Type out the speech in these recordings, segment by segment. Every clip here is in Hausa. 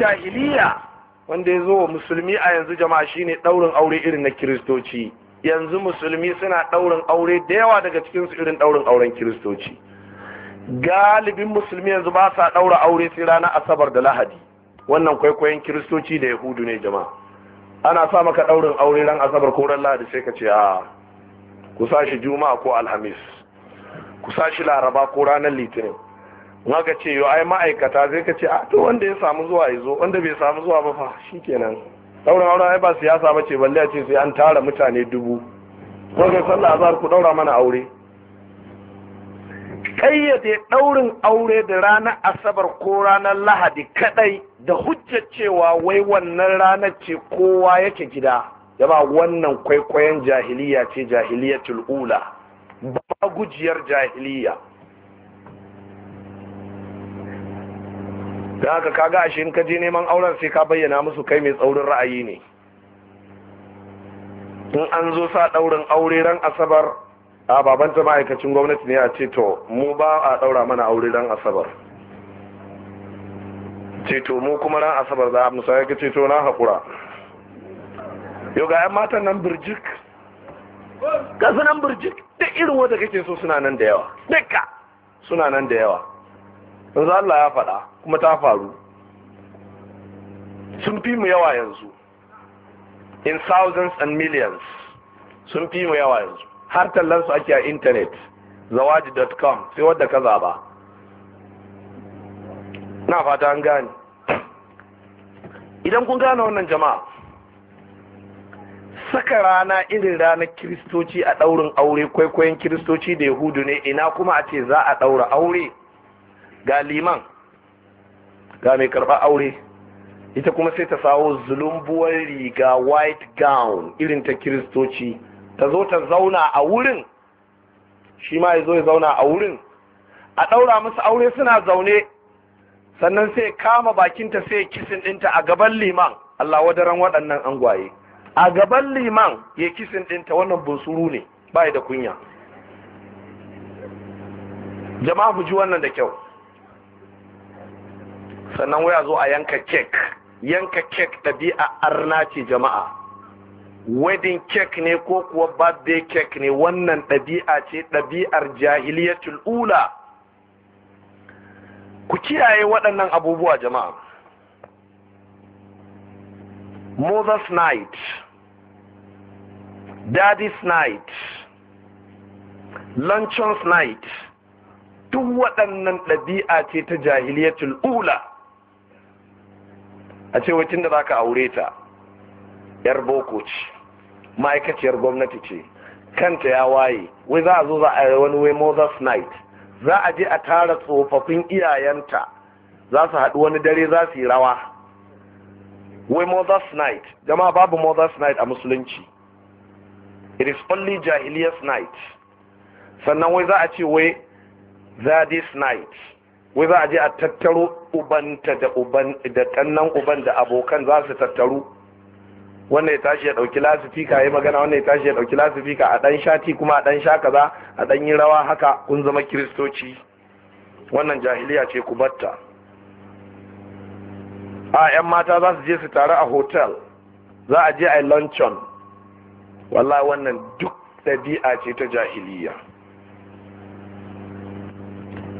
jahiliya wanda ya zo wa musulmi a yanzu jama'a shine ɗaurin aure irin na kiristoci yanzu musulmi suna daurin aure da yawa daga cikinsu irin ɗaurin auren kiristoci galibin musulmi yanzu ba sa daura aure sai ranar asabar da lahadi wannan kwaikwayon kiristoci da yahudu ne jama'a ana sa maka ɗaurin aure ran asabar ko ran lahadi sai ka ce a ku sa juma'a ko alhamis ku sa laraba ko ranar litinin ka ce yau ah, ai ma'aikata zai ka ce a to wanda ya samu zuwa ya zo wanda bai samu zuwa ba fa kenan. ɗaurin aure ai ba siyasa ba ce balle a ce sai an tara mutane dubu ko sallah azhar ku ɗaura mana aure Ƙayyade ɗaurin aure da ranar asabar ko ranar lahadi kaɗai da hujjar cewa wai wannan ranar ce kowa yake gida yaba wannan kwaikwayon jahiliya ce jahiliyatul ula ba gujiyar jahiliya da haka kaga ashe in ka je neman auren sai ka bayyana musu kai mai tsaurin ra'ayi ne in an zo sa daurin aure ran asabar a babanta ma'aikacin gwamnati ne a ce to mu ba a daura mana aure ran asabar ce to mu kuma ran asabar za a musaya ka ce to na haƙura yau ga 'yan matan nan birjik ga nan birjik duk irin wanda kake so suna nan da yawa dukka suna nan da yawa yanzu Allah ya faɗa kuma ta faru sun fi mu yawa yanzu in thousands and millions sun fi mu yawa yanzu har tallansu ake a intanet zawaji.com sai wadda ka zaba na fata an gane idan kun gane wannan jama'a saka rana irin ranar kiristoci a ɗaurin aure kwaikwayon kiristoci da yahudu ne ina kuma a ce za a ɗaura aure ga liman ga mai karba aure ita kuma sai ta sawo zulumbuwar riga white gown irin ta kiristoci ta zo ta zauna a wurin shi ma ya zo ya zauna a wurin a ɗaura musu aure suna zaune sannan sai kama bakinta sai kisin ɗinta a gaban liman Allah wadaran waɗannan angwaye a gaban liman ya kisin ɗinta wannan bunsuru ne bai da kunya jama'a ku ji wannan da kyau sannan waya zo a yanka kek yanka kek ɗabi'a arna ce jama'a wedding kek ne ko kuwa birthday kek ne wannan ɗabi'a ce ɗabi'ar jahiliyatul ula ku kiyaye waɗannan abubuwa jama'a mother's night daddy's night luncheon's night duk waɗannan ɗabi'a ce ta jahiliyatul ula a ce wacin da zaka aure ta yar boko ce ma'aikaciyar gwamnati ce kanta ya waye wai za a zo za a yi wani wai mother's night za a je a tara tsofaffin iyayenta za su haɗu wani dare za su yi rawa wai mother's night jama'a babu mother's night a musulunci it is only jahiliyas night sannan wai za a ce wai zadis night wai za a je a tattaro ubanta da uban da kannan uban da abokan za su tattaru wannan ya tashi ya dauki lasifika ya magana wannan ya tashi ya dauki lasifika a dan shati kuma a dan sha kaza a dan yi rawa haka kun zama kiristoci wannan jahiliya ce ku batta a yan mata za su je su taru a hotel za a je a luncheon wallahi wannan duk ɗabi'a ce ta jahiliya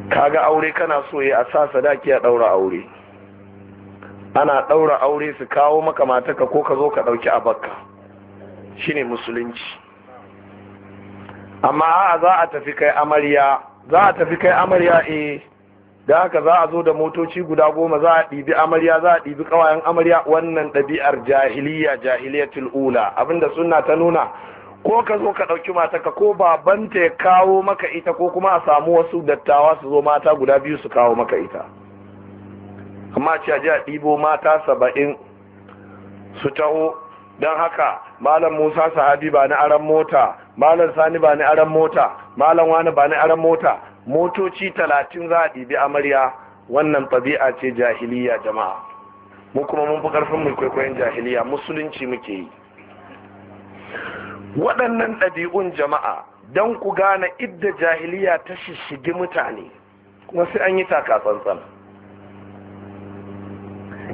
kaga aure kana so ya a sa sadaki ya ɗaura aure ana ɗaura aure su kawo maka mataka ko ka zo ka ɗauki a bakka shine musulunci amma a za a tafi kai amarya za a tafi kai amarya eh da haka za a zo da motoci guda goma za a ɗibi amarya za a ɗibi ƙawayen amarya wannan ɗabi'ar jahiliya jahiliyatul ula abinda suna ta nuna ko ka zo ka ɗauki ka, ko babanta ya kawo maka ita ko kuma a samu wasu dattawa su zo mata guda biyu su kawo maka ita amma ce a ji a ɗibo mata saba'in su taho don haka malam musa sahabi ba ni aran mota malam sani ba ni aran mota malam wani ba ni aran mota motoci talatin za a ɗibi amarya wannan ɗabi'a ce jahiliya jama'a mu kuma mun fi ƙarfin mu kwaikwayon jahiliya musulunci muke yi waɗannan ɗabi'un jama'a don ku gane idda jahiliya ta shishigi mutane kuma sai an yi taka tsantsan.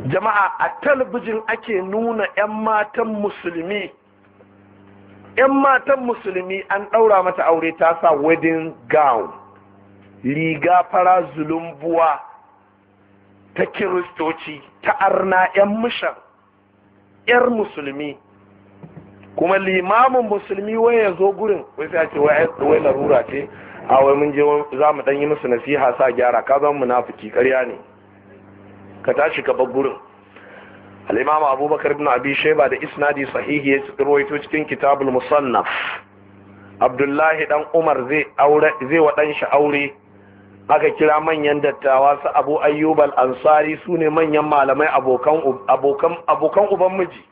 jama'a a talabijin ake nuna 'yan matan musulmi 'yan matan musulmi an ɗaura mata aure ta sa wedding gown riga fara zulumbuwa ta kiristoci ta arna 'yan mishan 'yar musulmi kuma limamin musulmi wai ya zo gurin wai sai a ce wai larura ce a wai mun je za mu dan yi musu nasiha sa gyara ka zan munafiki ƙarya ne ka tashi ka bar gurin al-imam abubakar ibn abi shayba da isnadi sahihi ya rawaito cikin kitabul musannaf abdullahi dan umar zai aure zai wa dan shi aure aka kira manyan dattawa su abu ayyub al-ansari sune manyan malamai abokan abokan abokan uban miji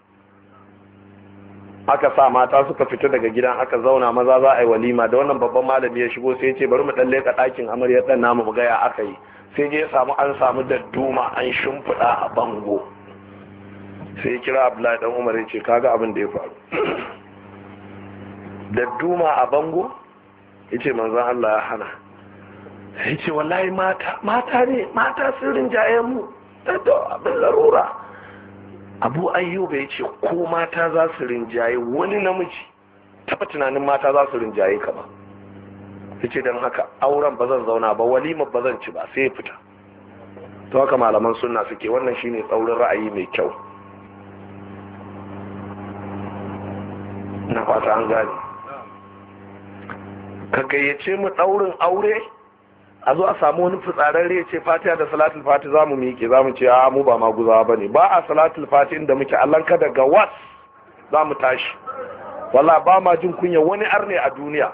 aka sa mata suka fito daga gidan aka zauna maza za a yi walima da wannan babban malami ya shigo sai ya ce bari mu dan leka ɗakin amaryar dan namu mu gaya aka yi sai ya samu an samu dadduma an shimfiɗa a bango sai ya kira abdullahi dan umar ya ce kaga abin da ya faru dadduma a bango ya ce manzan Allah ya hana ya ce wallahi mata mata ne mata sirrin jayen mu da abin larura abu ayyuba ya ce ko mata za su rinjaye wani namiji taba tunanin mata za su rinjaye ka ba su ce don haka auren ba zan zauna ba walima ba zan ci ba sai ya fita ta haka malaman suna suke wannan shine tsaurin ra'ayi mai kyau na fata an gane ka gayyace mu tsaurin aure a zo a samu wani fitsarar ya ce fatiha da salatul fati za mu miƙe za mu ce a mu ba maguza ba ne ba a salatul fati inda muke allon ka daga wat za mu tashi wala ba ma jin kunya wani arne a duniya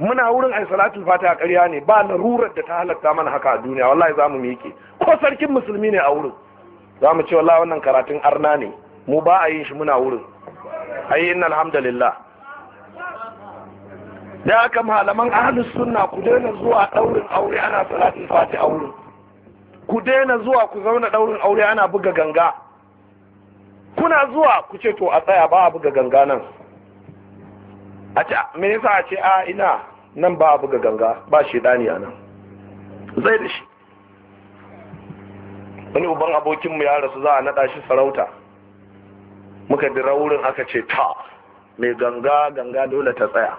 muna wurin ai salatul fatiha karya ne ba larurar da ta halatta mana haka a duniya wallahi za mu miƙe ko sarkin musulmi ne a wurin za mu ce wallahi wannan karatun arna ne mu ba a yin shi muna wurin ayi innal hamdalillah da haka malaman ahlus sunna ku daina zuwa daurin aure ana salatin fati aure ku daina zuwa ku zauna daurin aure ana buga ganga kuna zuwa ku ce to a tsaya ba a buga ganga nan a ce me yasa a ce a ina nan ba a buga ganga ba shi dani a nan zai da shi wani uban abokinmu ya rasu za a naɗa shi sarauta muka bi raurin aka ce ta mai ganga ganga dole ta tsaya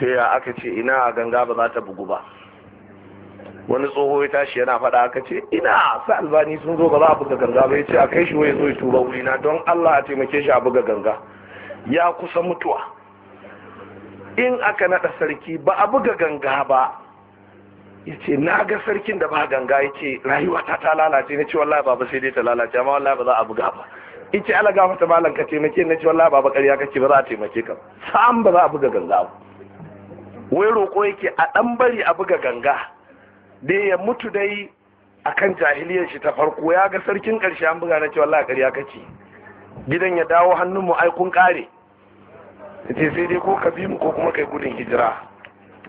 sai ya aka ce ina a ganga ba za ta bugu ba wani tsoho ya tashi yana faɗa aka ce ina sa albani sun zo ba za a buga ganga ba ya ce a kai shi wai zo ya tuba wurina don allah a taimake shi a buga ganga ya kusa mutuwa in aka naɗa sarki ba a buga ganga ba ya ce na ga sarkin da ba ganga ya ce rayuwa ta ta lalace na ce wallahi ba sai dai ta lalace amma wallahi ba za a buga ba in ce ala gafa ta malam ka taimake na ce wallahi ba ba ƙarya kake ba za a taimake ka sam ba za a buga ganga ba wai roƙo yake a ɗan bari a buga ganga da ya mutu dai a kan jahiliyar shi ta farko ya ga sarkin ƙarshe an buga na cewa la'akari ya kace gidan ya dawo hannun mu ai kun ƙare ce sai dai ko ka bi mu ko kuma kai gudun hijira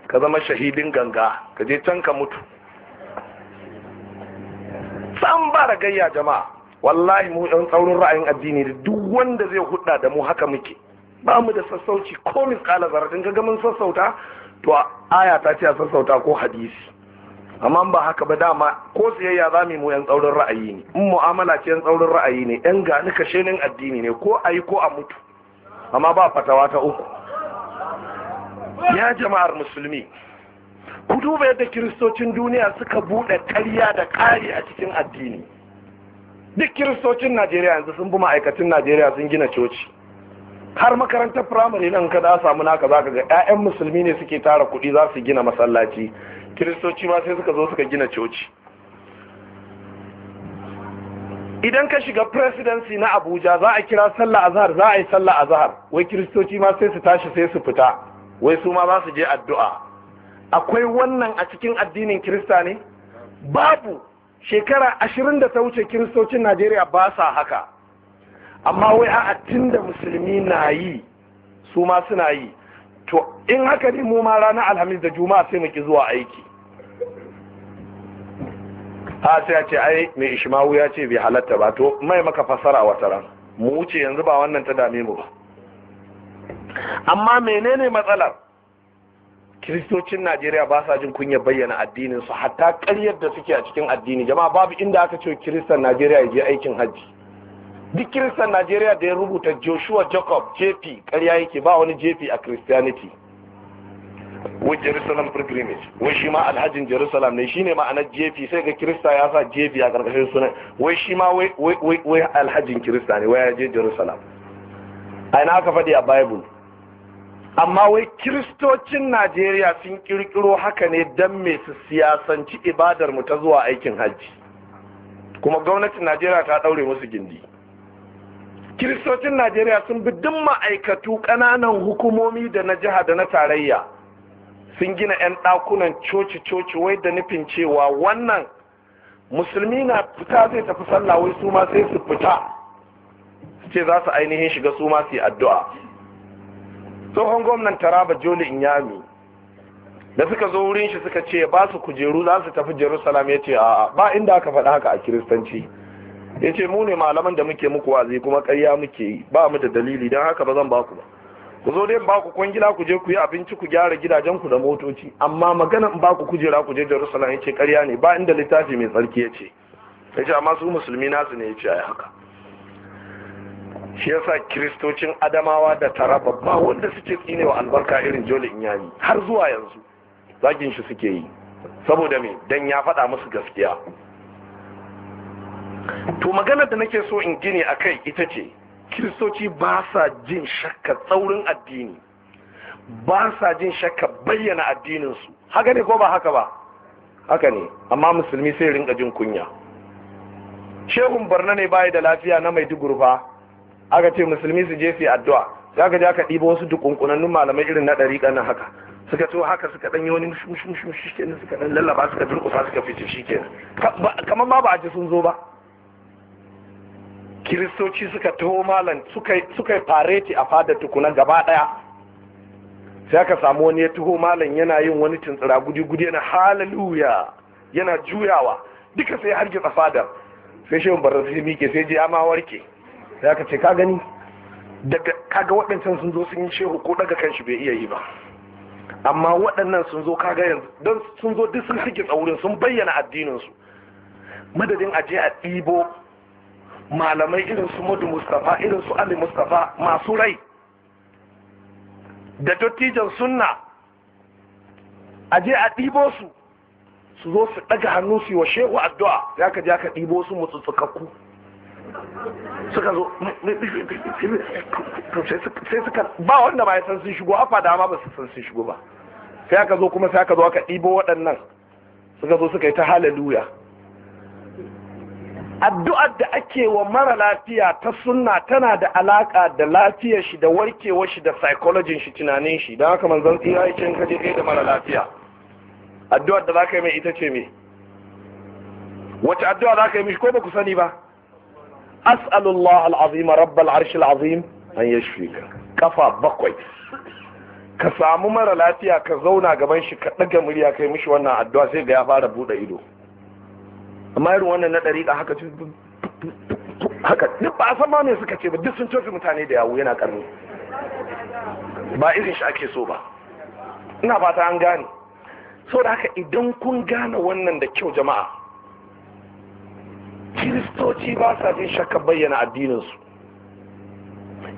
ka zama shahidin ganga ka je can ka mutu san ba da gayya jama'a wallahi mu ɗan tsaurin ra'ayin addini da duk wanda zai hudda da mu haka muke ba mu da sassauci ko min kala zaradin ga mun sassauta to aya ta ce a sassauta ko hadisi amma ba haka ba dama ko siyayya za mu mu yan tsaurin ra'ayi ne in mu'amala ce yan tsaurin ra'ayi ne yan gani kashenin addini ne ko a yi ko a mutu amma ba fatawa ta uku ya jama'ar musulmi ku duba yadda kiristocin duniya suka buɗe karya da ƙari a cikin addini duk kiristocin najeriya yanzu sun bi ma'aikacin najeriya sun gina coci har makarantar firamare nan ka za samu naka zaka ga 'ya'yan musulmi ne suke tara kuɗi za su gina masallaci kiristoci ma sai suka zo suka gina coci idan ka shiga presidency na abuja za a kira sallah azhar za a yi sallah azhar wai kiristoci ma sai su tashi sai su fita wai su ma za su je addu'a akwai wannan a cikin addinin kirista ne babu shekara ashirin da ta wuce kiristocin najeriya ba sa haka amma wai a da musulmi na yi su ma suna yi to in haka ne mu ma ranar alhamis da juma'a sai mu ki zuwa aiki ha sai ya ce ai mai ishmawu ya ce bai halatta ba to mai maka fasara wata ran mu wuce yanzu ba wannan ta dame mu ba amma menene matsalar kiristocin najeriya ba sa jin kunya bayyana addinin su hatta karyar da suke a cikin addini jama'a babu inda aka ce kiristan najeriya ya je aikin hajji duk kiristan najeriya da ya rubuta joshua jacob jp karya yake ba wani jp a christianity wai jerusalem pilgrimage wai shi ma alhajin jerusalem ne shine ma'anar jp sai ga kirista ya sa jp a karkashin sunan wai shi ma wai alhajin kirista ne wai ya je jerusalem a ina aka faɗi a bible amma wai kiristocin najeriya sun kirkiro haka ne don me su siyasanci ibadar mu ta zuwa aikin hajji kuma gwamnatin najeriya ta ɗaure musu gindi kiristocin najeriya sun bi duk ma'aikatu ƙananan hukumomi da na jiha da na tarayya sun gina 'yan ɗakunan coci-coci wai da nufin cewa wannan musulmi na fita zai tafi sallah wai su ma sai su fita su ce za su ainihin shiga su ma su yi addu'a tsohon gwamnan taraba joli inyami da suka zo wurin shi suka ce ba su kujeru za su tafi jerusalem ya ce a'a ba inda aka faɗa haka a kiristanci ya ce mu ne malaman da muke muku wazi kuma karya muke yi ba mu da dalili don haka ba zan ba ku ba ku zo dai baku kwangila ku je ku yi abinci ku gyara gidajen ku da motoci amma maganan baku kujera ku je Jerusalem ya ce ƙarya ne ba inda littafi mai tsarki ya ce ya ce amma su musulmi nasu ne ya ce ai haka shi yasa kiristocin adamawa da taraba ba wanda suke tsine wa albarka irin jole inyami har zuwa yanzu zagin shi suke yi saboda me dan ya faɗa musu gaskiya to maganar da nake so in gini a kai ita ce kiristoci ba sa jin shakka tsaurin addini ba sa jin shakka bayyana addininsu haka ne ko ba haka ba haka ne amma musulmi sai rinka jin kunya shehun barna ne bayi da lafiya na mai duk ba aka ce musulmi su je su yi addu'a za ka ja ka ɗiba wasu dukunkunannun malamai irin na ɗari na haka suka to haka suka ɗan yi wani mushi shi kenan suka ɗan lallaba suka durƙusa suka fice shi kenan kamar ma ba a ji sun zo ba kiristoci suka taho malam suka yi fareti a fada tukuna gaba daya sai aka samu wani ya taho malam yana yin wani tuntsira gudi-gudi yana hallelujah yana juyawa duka sai hargitsa fadar sai shi barar sai mike sai je ama warke sai aka ce ka gani daga kaga waɗancan sun zo sun yi shehu ko daga kanshi bai iya yi ba amma waɗannan sun zo kaga yanzu don sun zo duk sun hargitsa wurin sun bayyana addininsu madadin aje a ɗibo malamai irin su mudu mustapha irin su ali mustapha masu rai da dattijan sunna a je a ɗibo su su zo su ɗaga hannu su yi wa shehu addu'a ya ka je aka ɗibo su mutu suka zo sai suka ba wanda ba ya san sun shigo hafa dama ba su san sun shigo ba sai aka zo kuma sai aka zo aka ɗibo waɗannan suka zo suka yi ta hallelujah. addu'ar da ake wa mara lafiya ta sunna tana da alaka da lafiyar shi da warkewar shi da psychologin shi tunanin shi don haka manzon tsira ya ce in ka je da mara lafiya addu'ar da zaka yi mai ita ce me wace addu'a zaka yi mishi ko baku sani ba as'alullah al'azim rabbal arshil azim an yashfika kafa bakwai ka samu mara lafiya ka zauna gaban shi ka ɗaga murya kai mishi wannan addu'a sai ga ya fara buɗe ido amma irin wannan na ɗariƙa haka haka duk ba a san ma suka ce ba duk sun coci mutane da yawo yana ƙarni ba irin shi ake so ba ina ta an gane so da haka idan kun gane wannan da kyau jama'a kiristoci ba sa jin shakka bayyana addininsu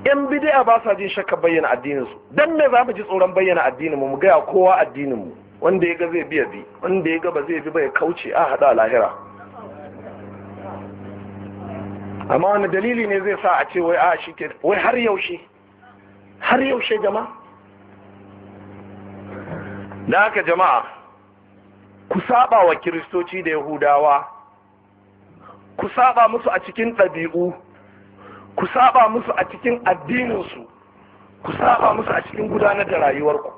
yan bidiya ba sa jin shakka bayyana addininsu don me za mu ji tsoron bayyana addininmu mu gaya kowa addininmu wanda ya ga zai biya bi wanda ya ga ba zai bi ba ya kauce a haɗa lahira amma wani dalili ne zai sa a ce wai a ah, shi ke wai har yaushe har yaushe jama'a da haka jama'a ku saba wa kiristoci da yahudawa ku saba musu a cikin ɗabi'u ku saba musu a cikin addininsu ku saba musu a cikin gudanar da rayuwarku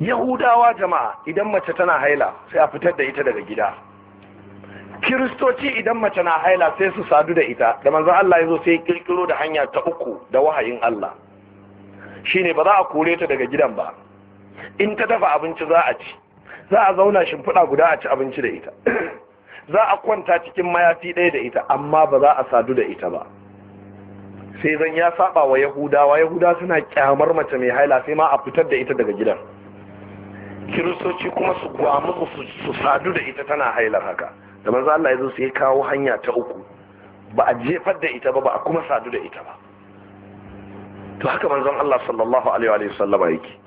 yahudawa jama'a idan mace tana haila sai a fitar da ita daga gida kiristoci idan mace na haila sai su sadu da ita da manzan Allah ya zo sai kirkiro da hanya ta uku da wahayin Allah Shi ne ba za a kore ta daga gidan ba in ta dafa abinci za a ci za a zauna shimfiɗa guda a ci abinci da ita za a kwanta cikin mayafi ɗaya da ita amma ba za a sadu da ita ba sai zan ya saba wa yahudawa yahuda suna kyamar mace mai haila sai ma a fitar da ita daga gidan kiristoci kuma su gwamu su sadu da ita tana hailar haka da manzo Allah ya zo sai kawo hanya ta uku ba a jefar da ita ba ba a kuma sadu da ita ba to haka manzon Allah sallallahu alaihi wa sallama yake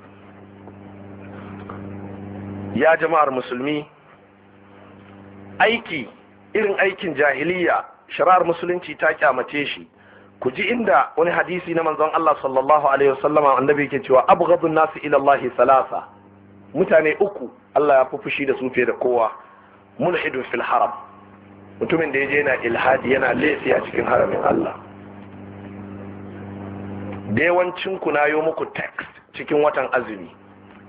ya jama'ar musulmi aiki irin aikin jahiliya shari'ar musulunci ta kyamace shi ku ji inda wani hadisi na manzon Allah sallallahu alaihi wasallama annabi yake cewa abghadun nasi ila Allah salasa mutane uku Allah ya fi fushi da su fiye da kowa mulhidun fil haram mutumin da ya je yana ilhadi yana laifi a cikin haramin Allah da yawancin ku na yo muku text cikin watan azumi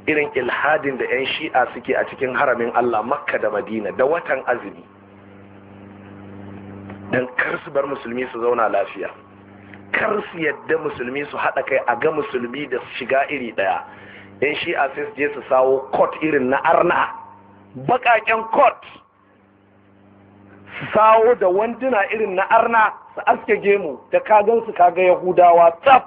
irin ilhadin da 'yan shi'a suke a cikin haramin Allah makka da madina da watan azumi don kar su bar musulmi su zauna lafiya kar su yadda musulmi su haɗa kai a ga musulmi da shiga iri ɗaya 'yan shi'a sai su je su sawo kot irin na arna baƙaƙen court su sawo da wanduna irin na arna su aske gemu da kagansu kaga yahudawa tsaf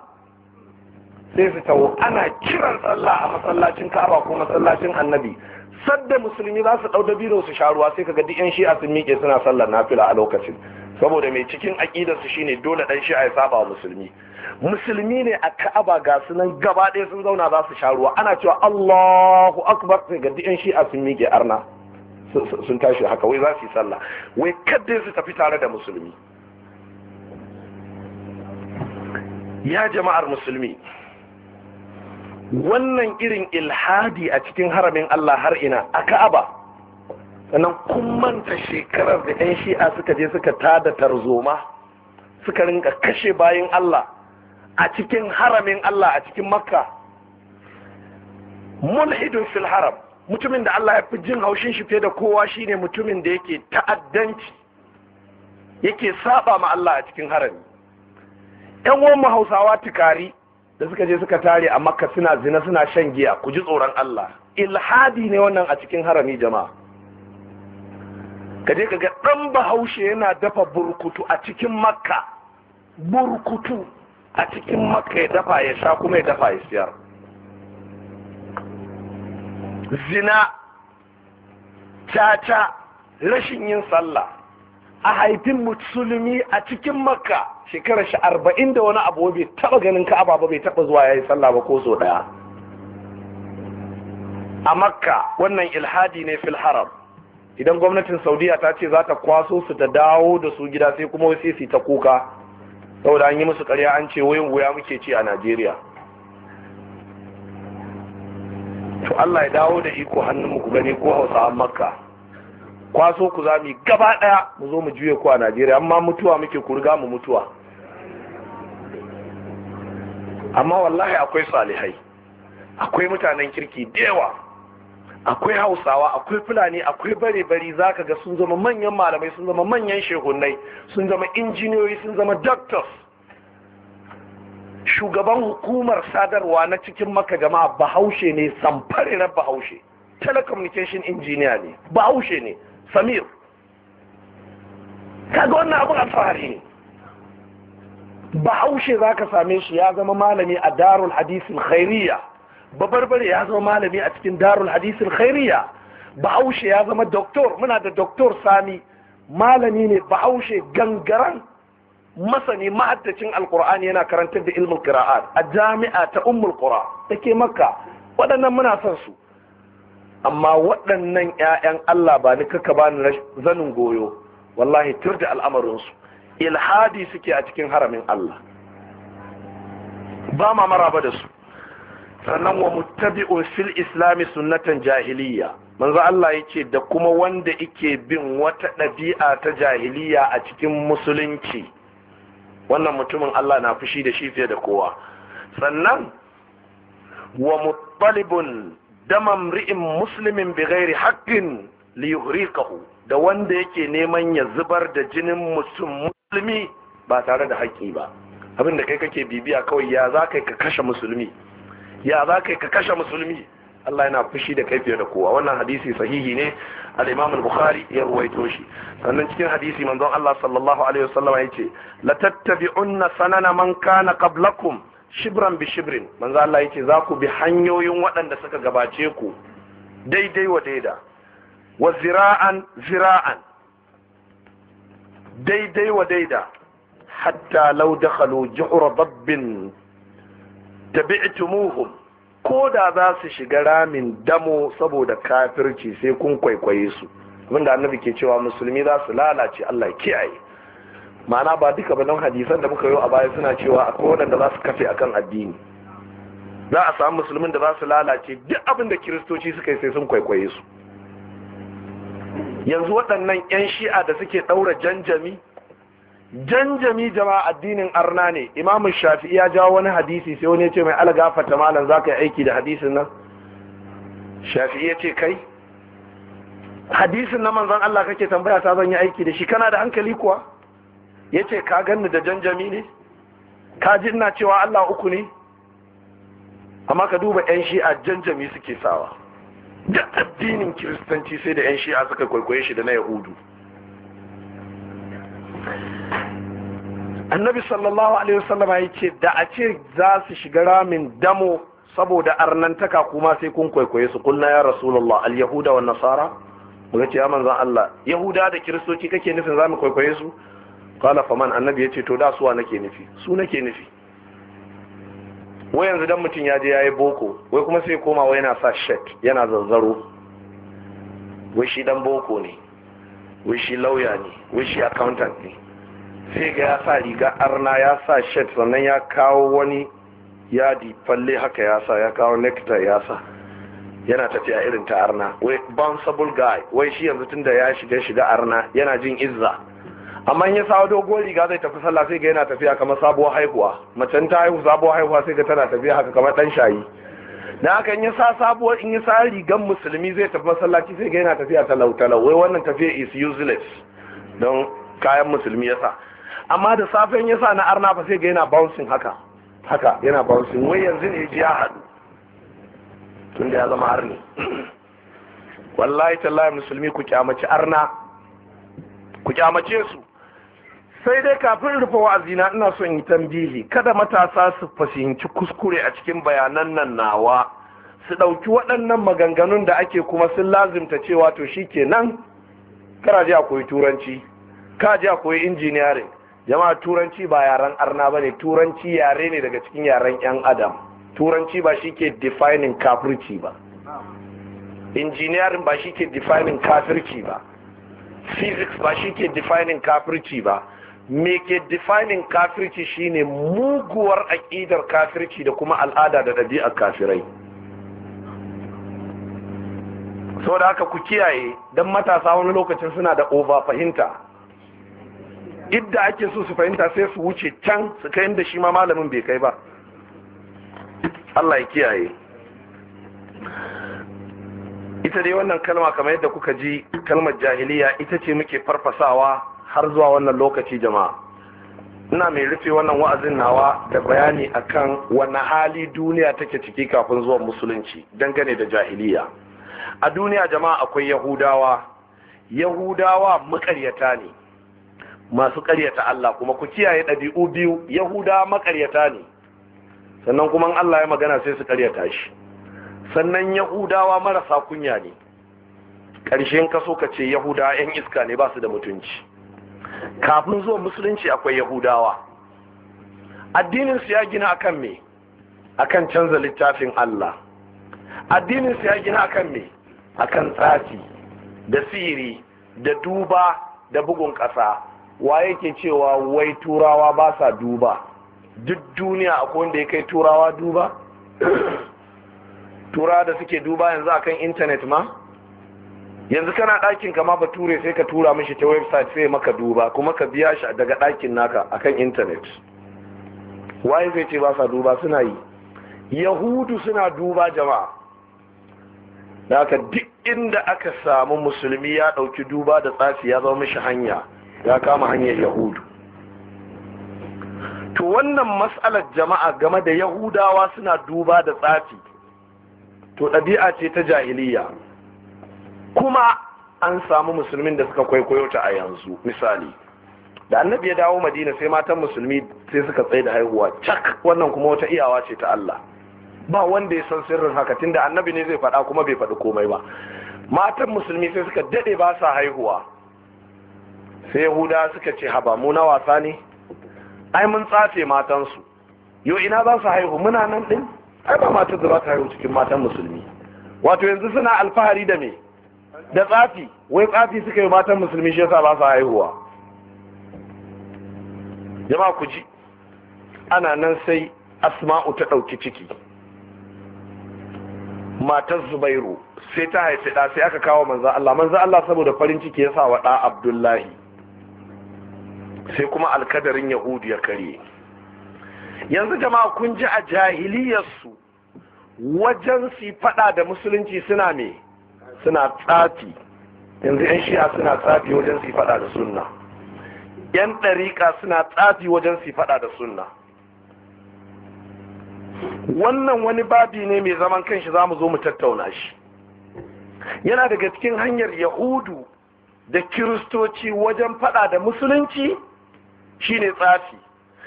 sai su tawo ana kiran sallah a masallacin ka'aba ko masallacin annabi sadda musulmi za su ɗau dabino su sha ruwa sai kaga duk yan shi'a sun miƙe suna sallar nafila a lokacin saboda mai cikin aƙidarsu shine dole dan shi ya saba musulmi musulmi ne a ka'aba ga sunan gaba ɗaya sun zauna za su sha ruwa ana cewa Allahu akbar sai ga diyan shi a sun miƙe arna sun tashi haka wai za su yi sallah wai kadda su tafi tare da musulmi ya jama'ar musulmi wannan irin ilhadi a cikin haramin Allah har ina a ka'aba sannan kun manta shekarar da 'yan shi'a suka je suka tada tarzoma suka rinka kashe bayan Allah a cikin haramin Allah a cikin makka mulhidun fil haram mutumin da Allah ya fi jin haushin shi fiye da kowa shine mutumin da yake ta'addanci yake saba ma Allah a cikin harami Ƴan uwan mu Hausawa tukari da suka je suka tare a makka suna zina suna shan giya ku ji tsoron Allah ilhadi ne wannan a cikin harami jama'a ka je ka ga ɗan bahaushe yana dafa burkutu a cikin makka burkutu a cikin makka ya dafa ya sha kuma ya dafa ya siyar zina caca rashin yin sallah a haifin musulmi a cikin makka shekarar shi arba'in da wani abu bai taba ganin ka, ba bai taba zuwa ya yi sallah ba ko so daya a makka wannan ilhadi ne fil haram idan gwamnatin saudiya ta ce za ta kwaso su ta dawo da su gida sai kuma wasu su ta kuka saboda an yi musu karya an ce wayan wuya muke ci a najeriya to allah ya dawo da iko hannun mu ku gani ko hausa an makka kwaso ku za mu gaba daya mu zo mu juye ku a najeriya amma mutuwa muke ku riga mu mutuwa amma wallahi akwai salihai akwai mutanen kirki da yawa akwai hausawa akwai fulani akwai bare-bari za ka ga sun zama manyan malamai sun zama manyan shehunai sun zama injiniyoyi sun zama doctors shugaban hukumar sadarwa na cikin maka jama'a bahaushe ne na bahaushe telecommunication engineer ne bahaushe ne samir kaga wannan abin alfahari ne bahaushe za ka same shi ya zama malami a darul hadisin khairiyya babarbare ya zama malami a cikin darul hadisin khairiya bahaushe ya zama doktor muna da doktor sami malami ne bahaushe gangaran masani ma'addacin alkur'ani yana karantar da ilmin qira'at a jami'a ta ummul qura ke makka waɗannan muna son su amma waɗannan 'ya'yan Allah ba ni kaka ba ni zanin goyo wallahi tur da su. ilhadi suke a cikin haramin Allah ba ma maraba da su sannan wa muttabi'un fil islami sunnatan jahiliya manzo Allah yake da kuma wanda yake bin wata ɗabi'a ta jahiliya a cikin musulunci wannan mutumin Allah na fushi da shi fiye da kowa sannan wa muttalibun damam ri'in muslimin bi ghairi haqqin li yughriqahu da wanda yake neman ya zubar da jinin musulmi ba tare da haƙƙi ba abin da kai kake bibiya kawai ya za ka kashe musulmi ya za ka ka kashe musulmi Allah yana fushi da kai fiye da kowa wannan hadisi sahihi ne al-Imam al-Bukhari ya ruwaito shi sannan cikin hadisi manzon Allah sallallahu alaihi wasallam yace la tattabi'unna sanana man kana qablakum shibran bi shibrin manzon Allah yace za ku bi hanyoyin waɗanda suka gabace ku daidai wa daida wa zira'an zira'an daidai wa daida hatta law dakhalu juhra dabbin tabi'tumuhum ko da za su shiga ramin damo saboda kafirci sai kun kwaikwaye su abinda annabi ke cewa musulmi za su lalace Allah kiyaye ma'ana ba duka ba nan hadisan da muka yi a baya suna cewa akwai waɗanda za su kafe akan addini za a samu musulmin da za su lalace duk abin da kiristoci suka yi sai sun kwaikwaye su yanzu waɗannan 'yan shi'a da suke ɗaura janjami janjami jama'a addinin arna ne imam shafi'i ya jawo wani hadisi sai wani ya ce mai algafata malam za ka yi aiki da hadisin nan shafi'i ya ce kai hadisin na manzan Allah kake tambaya ta zan yi aiki da shi kana da hankali kuwa ya ce ka ganni da janjami ne ka ji ina cewa Allah uku ne amma ka duba 'yan shi'a janjami suke sawa da addinin kiristanci sai da 'yan shi'a suka kwaikwaye shi da na yahudu annabi sallallahu alaihi wasallama ya ce da a ce za su shiga ramin damo saboda arnantaka kuma sai kun kwaikwaye su kunna ya rasulullah al yahuda wa nasara mu ce ya manzan Allah yahuda da kiristoci kake nufin za mu kwaikwaye su qala man annabi ya ce to da suwa nake nufi su nake nufi wai yanzu dan mutum ya je yayi boko wai kuma sai koma wai yana sa shirt yana zanzaro wai shi dan boko ne wai shi lauya ne wai shi accountant ne sai ga ya sa riga arna ya sa shirt sannan ya kawo wani yadi falle haka ya sa ya kawo nectar ya sa yana tafiya irin ta arna wai bansabul guy wai shi yanzu tunda ya shiga shiga arna yana jin izza amma in ya sa dogon riga zai tafi sallah sai ga yana tafiya kamar sabuwar haihuwa macen ta haihu sabuwar haihuwa sai ga tana tafiya haka kamar dan shayi na haka in ya sa sabuwar in ya sa rigan musulmi zai tafi masallaci sai ga yana tafiya talau talau wai wannan tafiya is useless don kayan musulmi ya sa amma da safen ya sa na arna fa sai ga yana bouncing haka haka yana bouncing wai yanzu ne ji ya haɗu tun da ya zama arni wallahi tallahi musulmi ku kyamaci arna ku kyamace su sai dai kafin rufe wa'azina ina son yi tambihi kada matasa su fahimci kuskure a cikin bayanan nan nawa su ɗauki waɗannan maganganun da ake kuma sun lazimta cewa to shi kenan kara ji a koyi turanci ka ji a koyi injiniyarin jama'a turanci ba yaren arna ba ne turanci yare ne daga cikin yaren 'yan adam turanci ba shi ke defining kafirci ba engineering ba shi ke defining kafirci ba physics ba shi ke defining kafirci ba me ke defining kafirci shine muguwar aƙidar kafirci da kuma al'ada da ɗabi'ar kafirai so da haka ku kiyaye don matasa wani lokacin suna da over fahimta idda ake so su fahimta sai su wuce can su kai inda shi ma malamin bai kai ba Allah ya kiyaye ita dai wannan kalma kamar yadda kuka ji kalmar jahiliya ita ce muke farfasawa har zuwa wannan lokaci jama'a ina mai rufe wannan wa'azin nawa da bayani akan wani hali duniya take ciki kafin zuwan musulunci dangane da jahiliya a duniya jama'a akwai yahudawa yahudawa makaryata ne masu karyata Allah kuma ku kiyaye ɗabi'u biyu yahuda makaryata ne sannan kuma Allah ya magana sai su karyata shi sannan yahudawa marasa kunya ne ƙarshen kaso ka ce yahudawa 'yan iska ne ba su da mutunci kafin zuwa musulunci akwai yahudawa addininsu ya gina akan me akan canza littafin Allah addininsu ya gina akan me akan tsafi da siri da duba da bugun ƙasa wa yake cewa wai turawa ba sa duba duk duniya akwai wanda ya kai turawa duba turawa da suke duba yanzu akan intanet ma yanzu kana ɗakin kama ba ture sai ka tura mishi ta website sai maka duba kuma ka biya shi daga ɗakin naka akan intanet waye zai ce ba sa duba suna yi yahudu suna duba jama'a da duk inda aka samu musulmi ya ɗauki duba da tsafi ya zama mishi hanya ya kama hanyar yahudu to wannan matsalar jama'a game da yahudawa suna duba da tsafi to ɗabi'a ce ta jahiliya kuma an samu musulmin da suka kwaikwayo ta a yanzu misali da annabi ya dawo madina sai matan musulmi sai suka tsaye da haihuwa cak wannan kuma wata iyawa ce ta Allah ba wanda ya san sirrin haka tunda annabi ne zai faɗa kuma bai faɗi komai ba matan musulmi sai suka daɗe ba sa haihuwa sai yahuda suka ce haba mu na wasa ne ai mun tsafe matansu yo ina za su haihu muna nan din ai ba matan da za ta haihu cikin matan musulmi wato yanzu suna alfahari da me da tsafi wai tsafi suka yi matan musulmi shi yasa ba su haihuwa jama'a ku ji ana nan sai asma'u ta ɗauki ciki matar zubairu sai ta haifi ɗa sai aka kawo manzan Allah manzan Allah saboda farin ciki ya sa wa ɗa abdullahi sai kuma alkadarin yahudu ya karye yanzu jama'a kun ji a jahiliyarsu wajen su fada da musulunci suna me suna tsafi yanzu 'yan shi'a suna tsafi wajen su fada da sunna 'yan ɗariƙa suna tsafi wajen su fada da sunna wannan wani babi ne mai zaman kanshi za mu zo mu tattauna shi yana daga cikin hanyar yahudu da kiristoci wajen fada da musulunci shine tsafi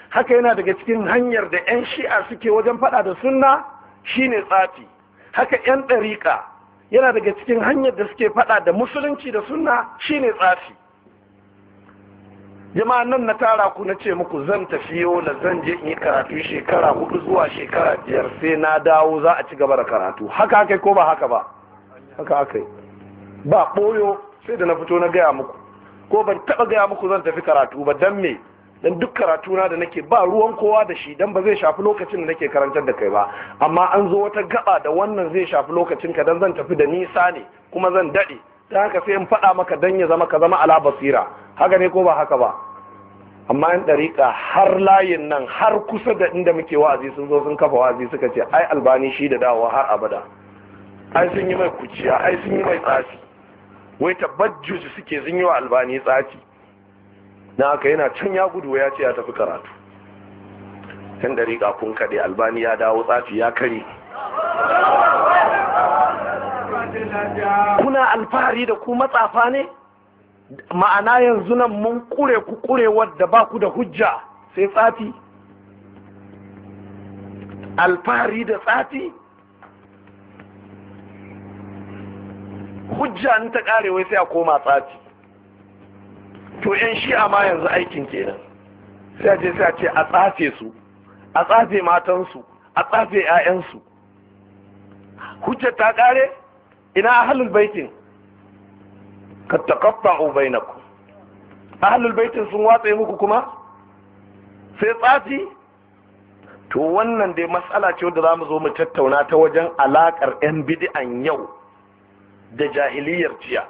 haka yana daga cikin hanyar da 'yan shi'a suke wajen fada da sunna shine tsafi haka 'yan ɗariƙa yana daga cikin hanyar da suke fada da musulunci da sunna shine tsafi jama'an nan na tara ku na ce muku zan tafi yola zan je in yi karatu shekara hudu zuwa shekara biyar sai na dawo za a ci gaba da karatu haka haka ko ba haka ba haka haka ba ɓoyo sai da na fito na gaya muku ko ban taɓa gaya muku zan tafi karatu ba dan me dan duk karatuna da nake ba ruwan kowa da shi dan ba zai shafi lokacin da nake karantar da kai ba amma an zo wata gaba da wannan zai shafi lokacin ka dan zan tafi da nisa ne kuma zan daɗe, dan haka sai in faɗa maka dan ya zama ka zama ala basira haka ne ko ba haka ba amma yan ɗariƙa har layin nan har kusa da inda muke wa'azi sun zo sun kafa wa'azi suka ce ai albani shi da dawowa har abada ai sun yi mai kuciya ai sun yi mai tsaci wai tabbajuji suke sun yi wa albani tsaci na aka yana can ya gudu ya ce ya tafi karatu yan dariƙa kun kaɗe albani ya dawo tsafi ya kare kuna alfahari da ku matsafa ne ma'ana yanzu nan mun kure ku kurewar da ba ku da hujja sai tsafi alfahari da tsafi hujja ta ƙarewa sai a koma tsafi to yan shi'a ma yanzu aikin kenan sai je sai ce a tsafe su a tsafe matansu a tsafe ƴaƴansu. hujjar ta kare ina ahlul baitin ka taqatta'u bainakum ahlul baitin sun watsa muku kuma sai tsafi to wannan dai matsala ce wadda zamu zo mu tattauna ta wajen alakar yan bid'an yau da jahiliyar jiya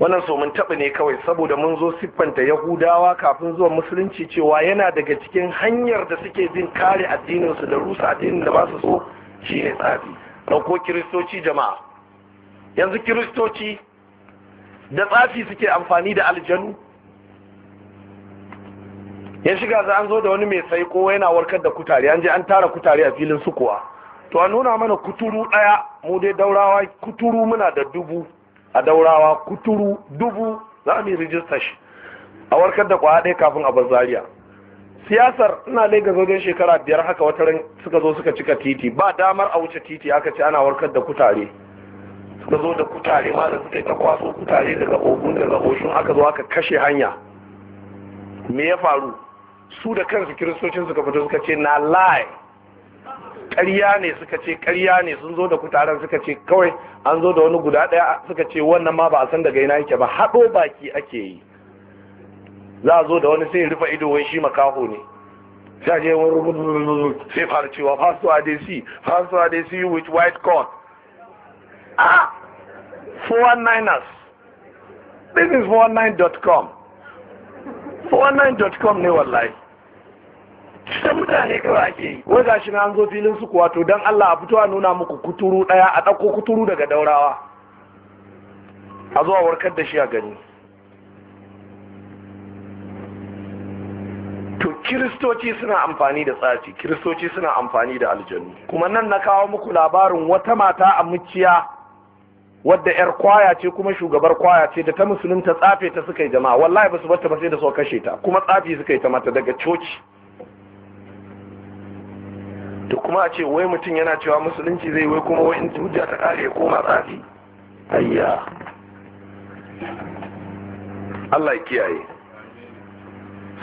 wannan so mun taɓa ne kawai saboda mun zo siffanta yahudawa kafin zuwa musulunci cewa yana daga cikin hanyar da suke bin kare addininsu da rusa addinin da ba su so shine tsafi ɗauko kiristoci jama'a yanzu kiristoci da tsafi suke amfani da aljanu ya shiga za an zo da wani mai sai ko yana warkar da kutare an je an tara kutare a filin sukuwa to a nuna mana kuturu ɗaya mu dai daurawa kuturu muna da dubu a daurawa kuturu dubu za mu yi rijistar shi a warkar da kwa ɗaya kafin a bazariya siyasar ina ga zogin shekara biyar haka wata ran suka zo suka cika titi ba damar a wuce titi aka ce ana warkar da kutare suka zo da kutare ma da suka yi ta kwaso kutare daga ogun daga oshun aka zo aka kashe hanya me ya faru su da kansu kiristocin suka fito suka ce na lie ƙarya ne suka ce ƙarya ne sun zo da kutaren suka ce kawai an zo da wani guda ɗaya suka ce wannan ma ba a san daga ina yake ba haɗo baki ake yi za a zo da wani sai rufe ido wai shi makaho ne sai je wani rubutu sai fara cewa fasto adesi fasto adesi with white corn ah 419ers this is 419.com 419.com ne wallahi ta mutane kawai ake yi wai gashi na an zo filin su kuwa to dan Allah a fito a nuna muku kuturu ɗaya, a ɗauko kuturu daga daurawa a zuwa warkar da shi a gani to kiristoci suna amfani da tsafi kiristoci suna amfani da aljanu kuma nan na kawo muku labarin wata mata a muciya wadda yar kwaya ce kuma shugabar kwaya ce da ta musulunta tsafe ta suka yi jama'a wallahi ba su bata ba sai da suka kashe ta kuma tsafi suka yi ta mata daga coci to kuma a ce wai mutum yana cewa musulunci zai wai kuma wai in hujja ta kare ko koma ayya Allah ya kiyaye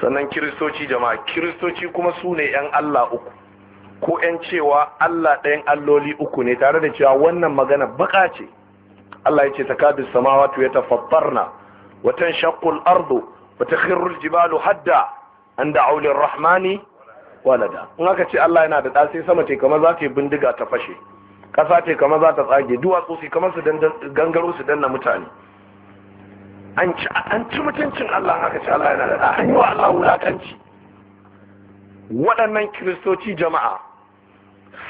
sannan kiristoci jama'a kiristoci kuma su ne 'yan Allah uku ko 'yan cewa Allah ɗayan alloli uku ne tare da cewa wannan magana baka ce Allah ya ce takadu samawatu ya tafattarna watan Shakul ardu wa takhirru jibalu hadda an da'u rahmani walada in aka ce Allah yana da ɗa sama ce kamar za ta yi bindiga ta fashe ƙasa ce kamar za ta tsage duwatsu su kamar su gangaro su danna mutane an ci an ci mutuncin Allah aka ce Allah yana da ɗa an yi wa Allah wulakanci waɗannan kiristoci jama'a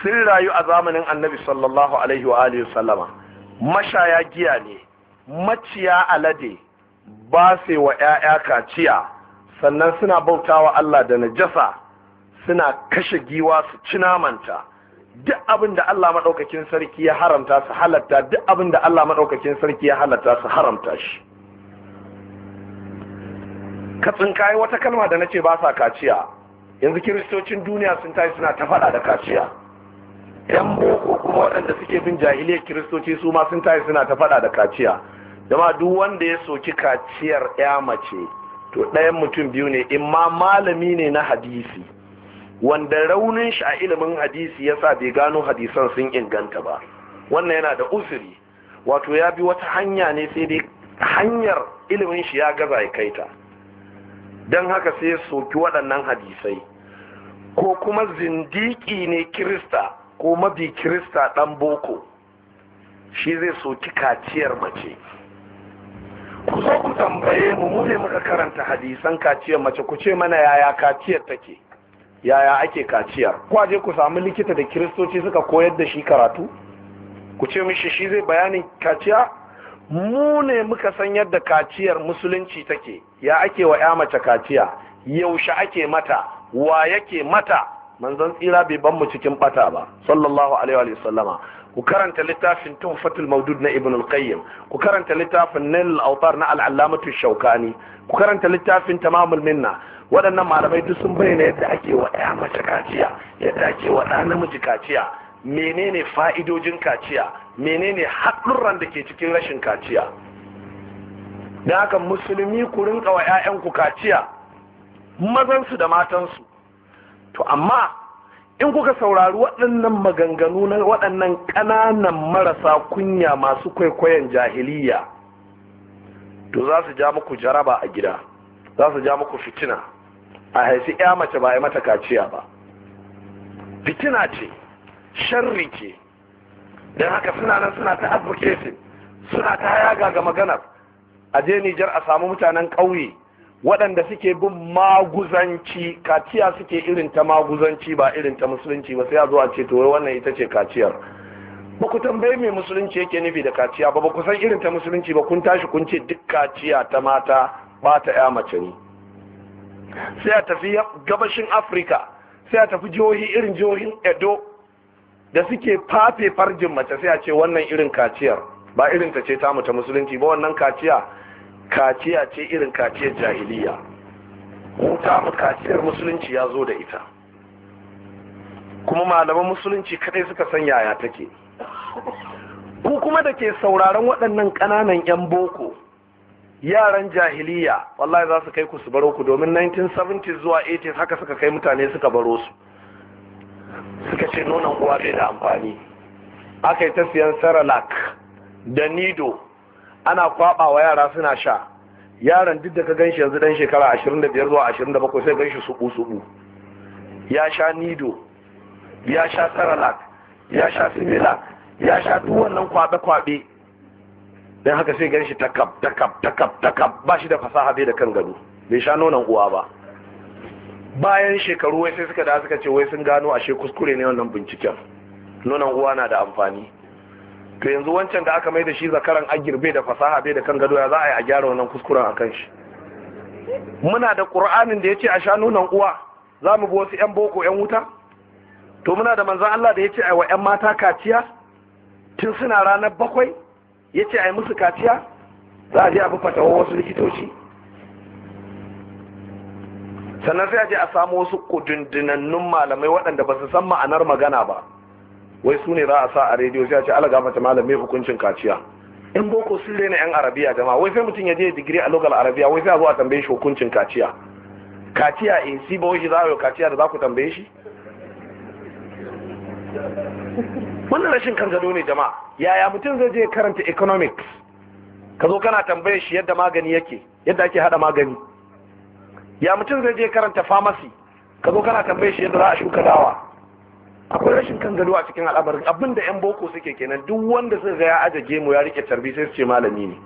sun rayu a zamanin annabi sallallahu alaihi wa alihi sallama mashaya giya ne maciya alade ba sai wa 'ya'ya kaciya sannan suna bautawa Allah da najasa suna kashe giwa su ci namanta duk abin da Allah maɗaukakin sarki ya haramta su halatta duk abin da Allah maɗaukakin sarki ya halatta su haramta shi katsin kayi wata kalma da na ce ba sa kaciya yanzu kiristocin duniya sun tashi suna ta faɗa da kaciya yan boko kuma waɗanda suke bin jahiliyar kiristoci su ma sun tashi suna ta faɗa da kaciya dama duk wanda ya soki kaciyar ya mace to ɗayan mutum biyu ne in ma malami ne na hadisi wanda raunin shi a ilimin hadisi ya sa bai gano hadisan sun inganta ba wannan yana da usuri wato ya bi wata hanya ne sai dai hanyar ilimin shi ya gaza ya kaita don haka sai ya soki waɗannan hadisai ko kuma zindiki ne kirista ko mabi kirista ɗan boko shi zai soki kaciyar mace ku zo ku tambaye mu mu muka karanta hadisan kaciyar mace ku ce mana yaya kaciyar take yaya ake kaciya aje ku samu likita da kiristoci suka koyar da shi karatu ku ce mishi shi zai bayanin kaciya mu ne muka san yadda kaciyar musulunci take ya ake wa ya mace kaciya yaushe ake mata wa yake mata manzon tsira bai ban mu cikin bata ba sallallahu alaihi wa sallama ku karanta littafin tuhfatul maudud na ibn al-qayyim ku karanta littafin nail al-awtar na al ash shaukani ku karanta littafin tamamul minna waɗannan malamai duk sun bayyana yadda ake wa ɗaya mace kaciya yadda ake wa ɗa namiji kaciya menene fa'idojin kaciya menene haɗurran da ke cikin rashin kaciya da haka musulmi ku rinka wa 'ya'yanku kaciya mazansu da matansu to amma in kuka saurari waɗannan maganganu na waɗannan ƙananan marasa kunya masu kwaikwayon jahiliya to za su ja muku jaraba a gida za su ja muku fitina a haifi ya mace ba a mata kaciya ba fitina ce sharri ce don haka suna nan suna ta advocating suna ta hayaga ga maganar a je Nijar a samu mutanen ƙauye waɗanda suke bin maguzanci kaciya suke irin ta maguzanci ba irin ta musulunci ba sai a zo a ce to wannan ita ce kaciyar ba ku tambaye mai musulunci yake nufi da kaciya ba ba ku san irin ta musulunci ba kun tashi kun ce duk kaciya ta mata ba ta ya mace ne sai a tafi gabashin afirka sai a tafi jihohi irin jihohin edo da suke fafe farjin mace sai a ce wannan irin kaciyar ba irin ta ce tamu ta musulunci ba wannan kaciya kaciya ce irin kaciyar jahiliya mu tamu kaciyar musulunci ya zo da ita kuma malaman musulunci kadai suka san yaya take ku kuma da ke sauraron waɗannan ƙananan 'yan boko yaran jahiliya wallahi za su kai ku su baro ku domin 1970 zuwa 80 haka suka kai mutane suka baro su suka ce nonon uwa bai da amfani aka yi ta siyan saralak da nido ana kwaba wa yara suna sha yaran duk da ka ganshi yanzu dan shekara 25 zuwa 27 sai ganshi subu subu ya sha nido ya sha saralak ya sha simila ya sha duk wannan kwabe kwabe don haka sai ganshi takab takab takab takab ba shi da fasaha bai da kan gado bai sha nonon uwa ba bayan shekaru wai sai suka da suka ce wai sun gano ashe kuskure ne wannan binciken nonon uwa na da amfani to yanzu wancan da aka mai da shi zakaran agirbe bai da fasaha bai da kan gado ya za a yi a gyara wannan kuskuren akan shi muna da qur'anin da yace a sha nonon uwa za mu bi wasu 'yan boko 'yan wuta to muna da manzan Allah da ya ce a wa 'yan mata kaciya tun suna ranar bakwai ya ce a yi musu kaciya za a je a bufata wasu likitoci sannan sai a je a samu wasu kudundunannun malamai waɗanda ba su san ma'anar magana ba wai su ne za a sa a rediyo sai a ce ala gafata malamai hukuncin kaciya in boko sun rena yan arabiya jama'a wai sai mutum ya je digiri a local arabiya wai sai a zo a tambaye shi hukuncin kaciya kaciya in eh, si ba wai shi za a yi kaciya da za ku tambaye shi wannan rashin kan gado ne jama'a yaya mutum zai je karanta economics ka zo kana tambayar shi yadda magani yake yadda ake hada magani ya mutum zai je karanta pharmacy ka zo kana tambayar shi yadda za a shuka dawa akwai rashin kan gado a cikin al'amarin abin da yan boko suke kenan duk wanda sun ga ya aje gemu ya rike tarbi sai su ce malami ne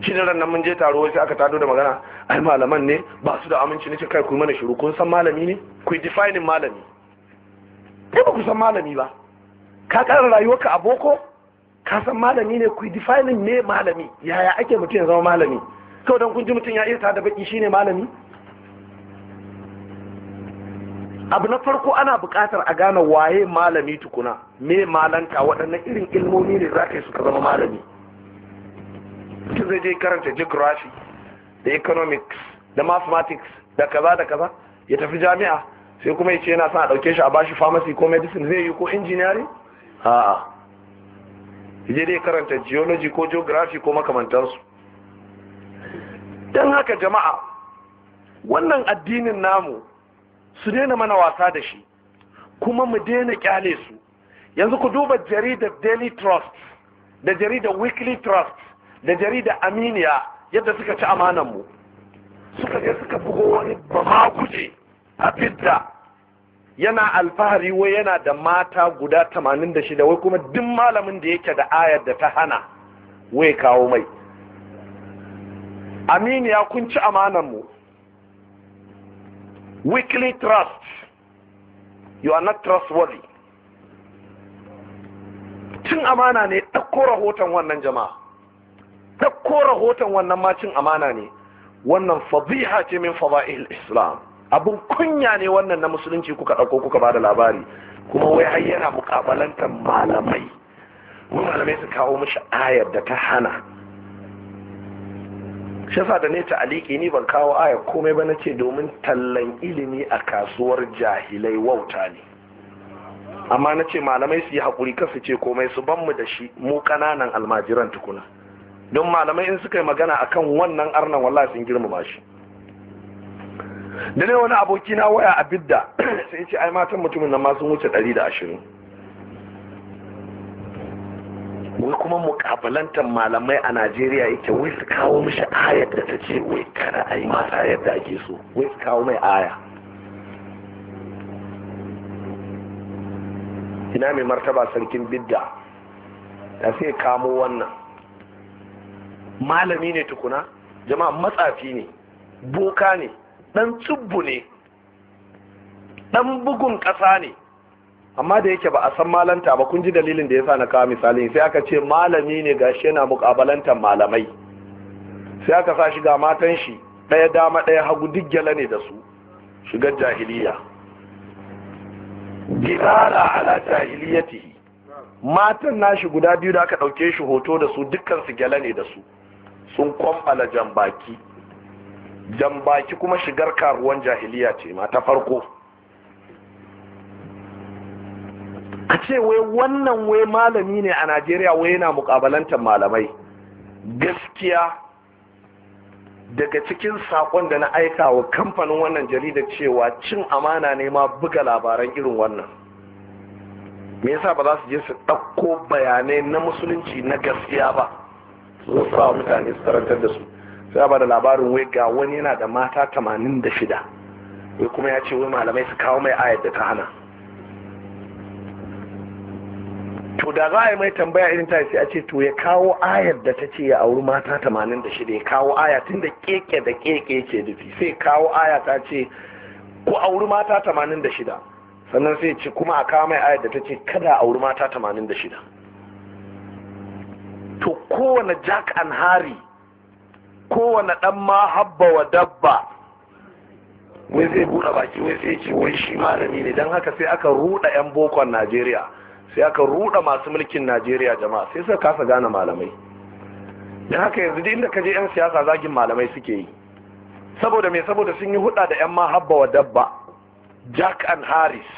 shi da nan mun je taro sai aka tado da magana ai malaman ne ba su da aminci ne, kai ku mana shiru kun san malami ne ku define malami kai ba ku san malami ba ka ƙara rayuwarka a boko ka san malami ne ku defining ne malami yaya ake mutum ya zama malami kawai don kun ji mutum ya irta da baki shine malami abu na farko ana buƙatar a gane waye malami tukuna me malanka waɗannan irin ilmomi ne za ka yi suka zama malami mutum zai je karanta geography da economics da mathematics da kaza da kaza ya tafi jami'a sai kuma ya ce yana son a ɗauke shi a bashi pharmacy ko medicine zai yi ko engineering a'a je dai karanta geology ko geography ko makamantansu dan haka jama'a wannan addinin namu su daina mana wasa da shi kuma mu daina kyale su yanzu ku duba jaridar daily trust da jaridar weekly trust da jaridar aminiya yadda suka ci amanan mu, suka je suka bugo wani ba ma a fidda yana alfahari wai yana da mata guda 86 wai kuma duk malamin da yake da ayar da ta hana wai kawo mai aminiya kun ci amananmu weekly trust you are not trustworthy cin amana ne ko rahoton wannan jama'a ko rahoton wannan ma cin amana ne wannan fadiha ce min fada'il islam abun kunya ne wannan na musulunci kuka ɗauko kuka ba da labari kuma wai har yana mukabalantar malamai wai malamai su kawo mishi ayar da ta hana shafa da ne aliki ni ban kawo aya komai ba na ce domin tallan ilimi a kasuwar jahilai wauta ne amma na ce malamai su yi haƙuri kasu ce komai su ban mu da shi mu ƙananan almajiran tukuna don malamai in suka yi magana akan wannan arnan wallahi sun girmama shi da ne wani aboki na waya a bidda sai ce ai matan mutumin nan ma sun wuce 120 wai kuma mukabalantar malamai a Najeriya yake wai su kawo mishi ayar da ta ce wai kana a yi mata yadda ake so wai su kawo mai aya ina mai martaba sarkin bidda da sai kamo wannan malami ne tukuna jama'a matsafi ne boka ne ɗan tsubbu ne ɗan bugun ƙasa ne amma da yake ba a san malanta ba kun ji dalilin da ya sa na kawo misali sai aka ce malami ne gashi yana mukabalantar malamai sai aka sa shiga matan shi ɗaya dama ɗaya hagu duk gyala ne da su shigar jahiliya gizara ala jahiliyati matan nashi guda biyu da aka ɗauke shi hoto da su dukkan su gyala ne da su sun kwamfala jan baki dan baki kuma shigar karuwan jahiliya ce ma ta farko a ce wai wannan wai malami ne a najeriya wai yana mukabalantar malamai gaskiya daga cikin sakon da na aika wa kamfanin wannan jaridar cewa cin amana ne ma buga labaran irin wannan me yasa ba za su je su ɗauko bayanai na musulunci na gaskiya ba su sa mutane su karantar da su sai ba da labarin wai ga wani yana da mata tamanin da shida wai kuma ya ce wai malamai su kawo mai ayat da ta hana to da za a yi mai tambaya irin ta sai a ce to ya kawo ayar da ta ce ya auri mata tamanin da shida ya kawo aya tun da keke da keke ke dufi sai kawo aya ta ce ku auri mata tamanin da shida sannan sai ce kuma a kawo mai ayar da ta ce kada auri mata tamanin da shida to kowane jack and harry kowane ɗan ma habba wa dabba wai zai buɗe baki wai sai ce wai shi malami ne don haka sai aka ruɗa 'yan bokon najeriya sai aka ruɗa masu mulkin najeriya jama'a sai suka kasa gane malamai don haka yanzu duk inda ka je 'yan siyasa zagin malamai suke yi saboda mai saboda sun yi huɗa da 'yan ma habba wa dabba jack and harris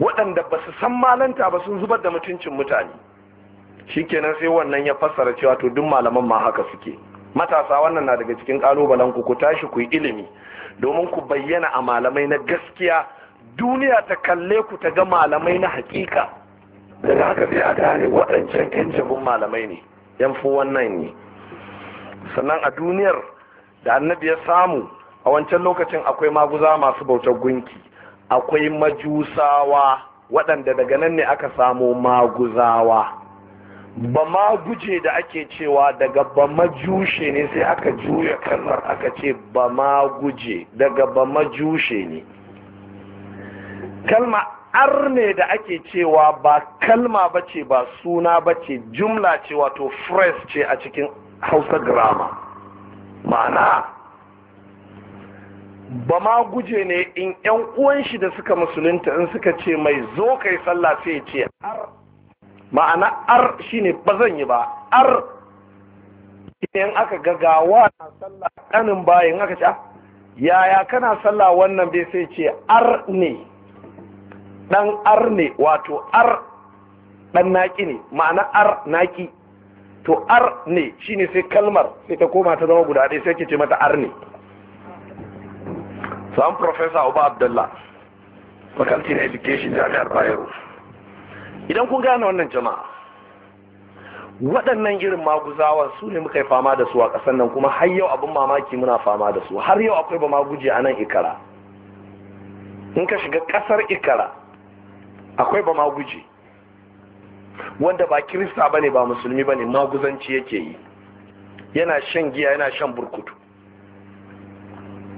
waɗanda ba su san malanta ba sun zubar da mutuncin mutane shikenan sai wannan ya fassara cewa to duk malaman ma haka suke matasa wannan na daga cikin kalubalen ku ku tashi ku yi ilimi domin ku bayyana a malamai na gaskiya duniya ta kalle ku ta ga malamai na hakika daga haka sai a gane waɗancan yan jabin malamai ne yan fi wannan ne sannan a duniyar da annabi ya samu a wancan lokacin akwai maguza masu bautar gunki akwai majusawa waɗanda daga nan ne aka samo maguzawa ba ma guje da ake cewa daga ba ma jushe ne sai aka juya kalmar aka ce ba ma guje daga ba ma jushe ne kalma arne da ake cewa ba kalma ba ce ba suna ba ce jumla ce wato phrase ce a cikin hausa grama ma'ana ba ma guje ne in 'yan uwan shi da suka musulunta in suka ce mai zo kai sallah sai ce ar ma'ana ar shine ba zan yi ba ar in aka ga gagawa na sallah kanin bayan aka ce ah, yaya kana sallah wannan bai sai ce ar ne dan ar ne wato ar dan naki ne ma'ana ar naki to ar ne shine sai kalmar sai ta koma ta zama guda ɗaya sai ke ce mata ar ne sam professor uba Abdullah faculty in education jami'ar Bayero idan kun gane wannan jama'a waɗannan irin maguzawa su ne muka yi fama da su a ƙasar nan kuma har yau abin mamaki muna fama da su har yau akwai ba maguje a nan ikara in ka shiga ƙasar ikara akwai ba maguje wanda ba kirista ba ne ba musulmi ba ne maguzanci yake yi yana shan giya yana shan burkutu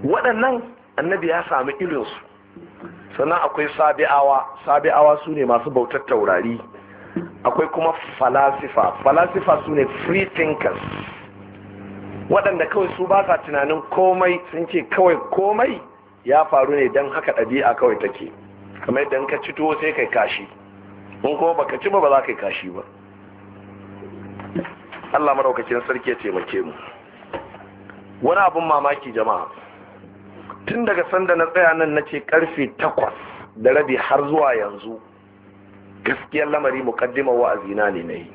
waɗannan annabi ya sami irinsu sannan akwai sabi'awa sabi'awa su ne masu bautar taurari akwai kuma falasifa falasifa su ne free thinkers waɗanda kawai su ba sa tunanin komai sun ce kawai komai ya faru ne don haka ɗabi'a kawai take kamar yadda ka ci tuwo sai kai kashi in kuma baka ci ba ba za ka yi kashi ba Allah maraukacin sarki ya taimake mu wani abin mamaki jama'a tun daga sanda na tsaya nan na ce karfe takwas da rabi har zuwa yanzu gaskiyar lamari mukaddima na, ne na yi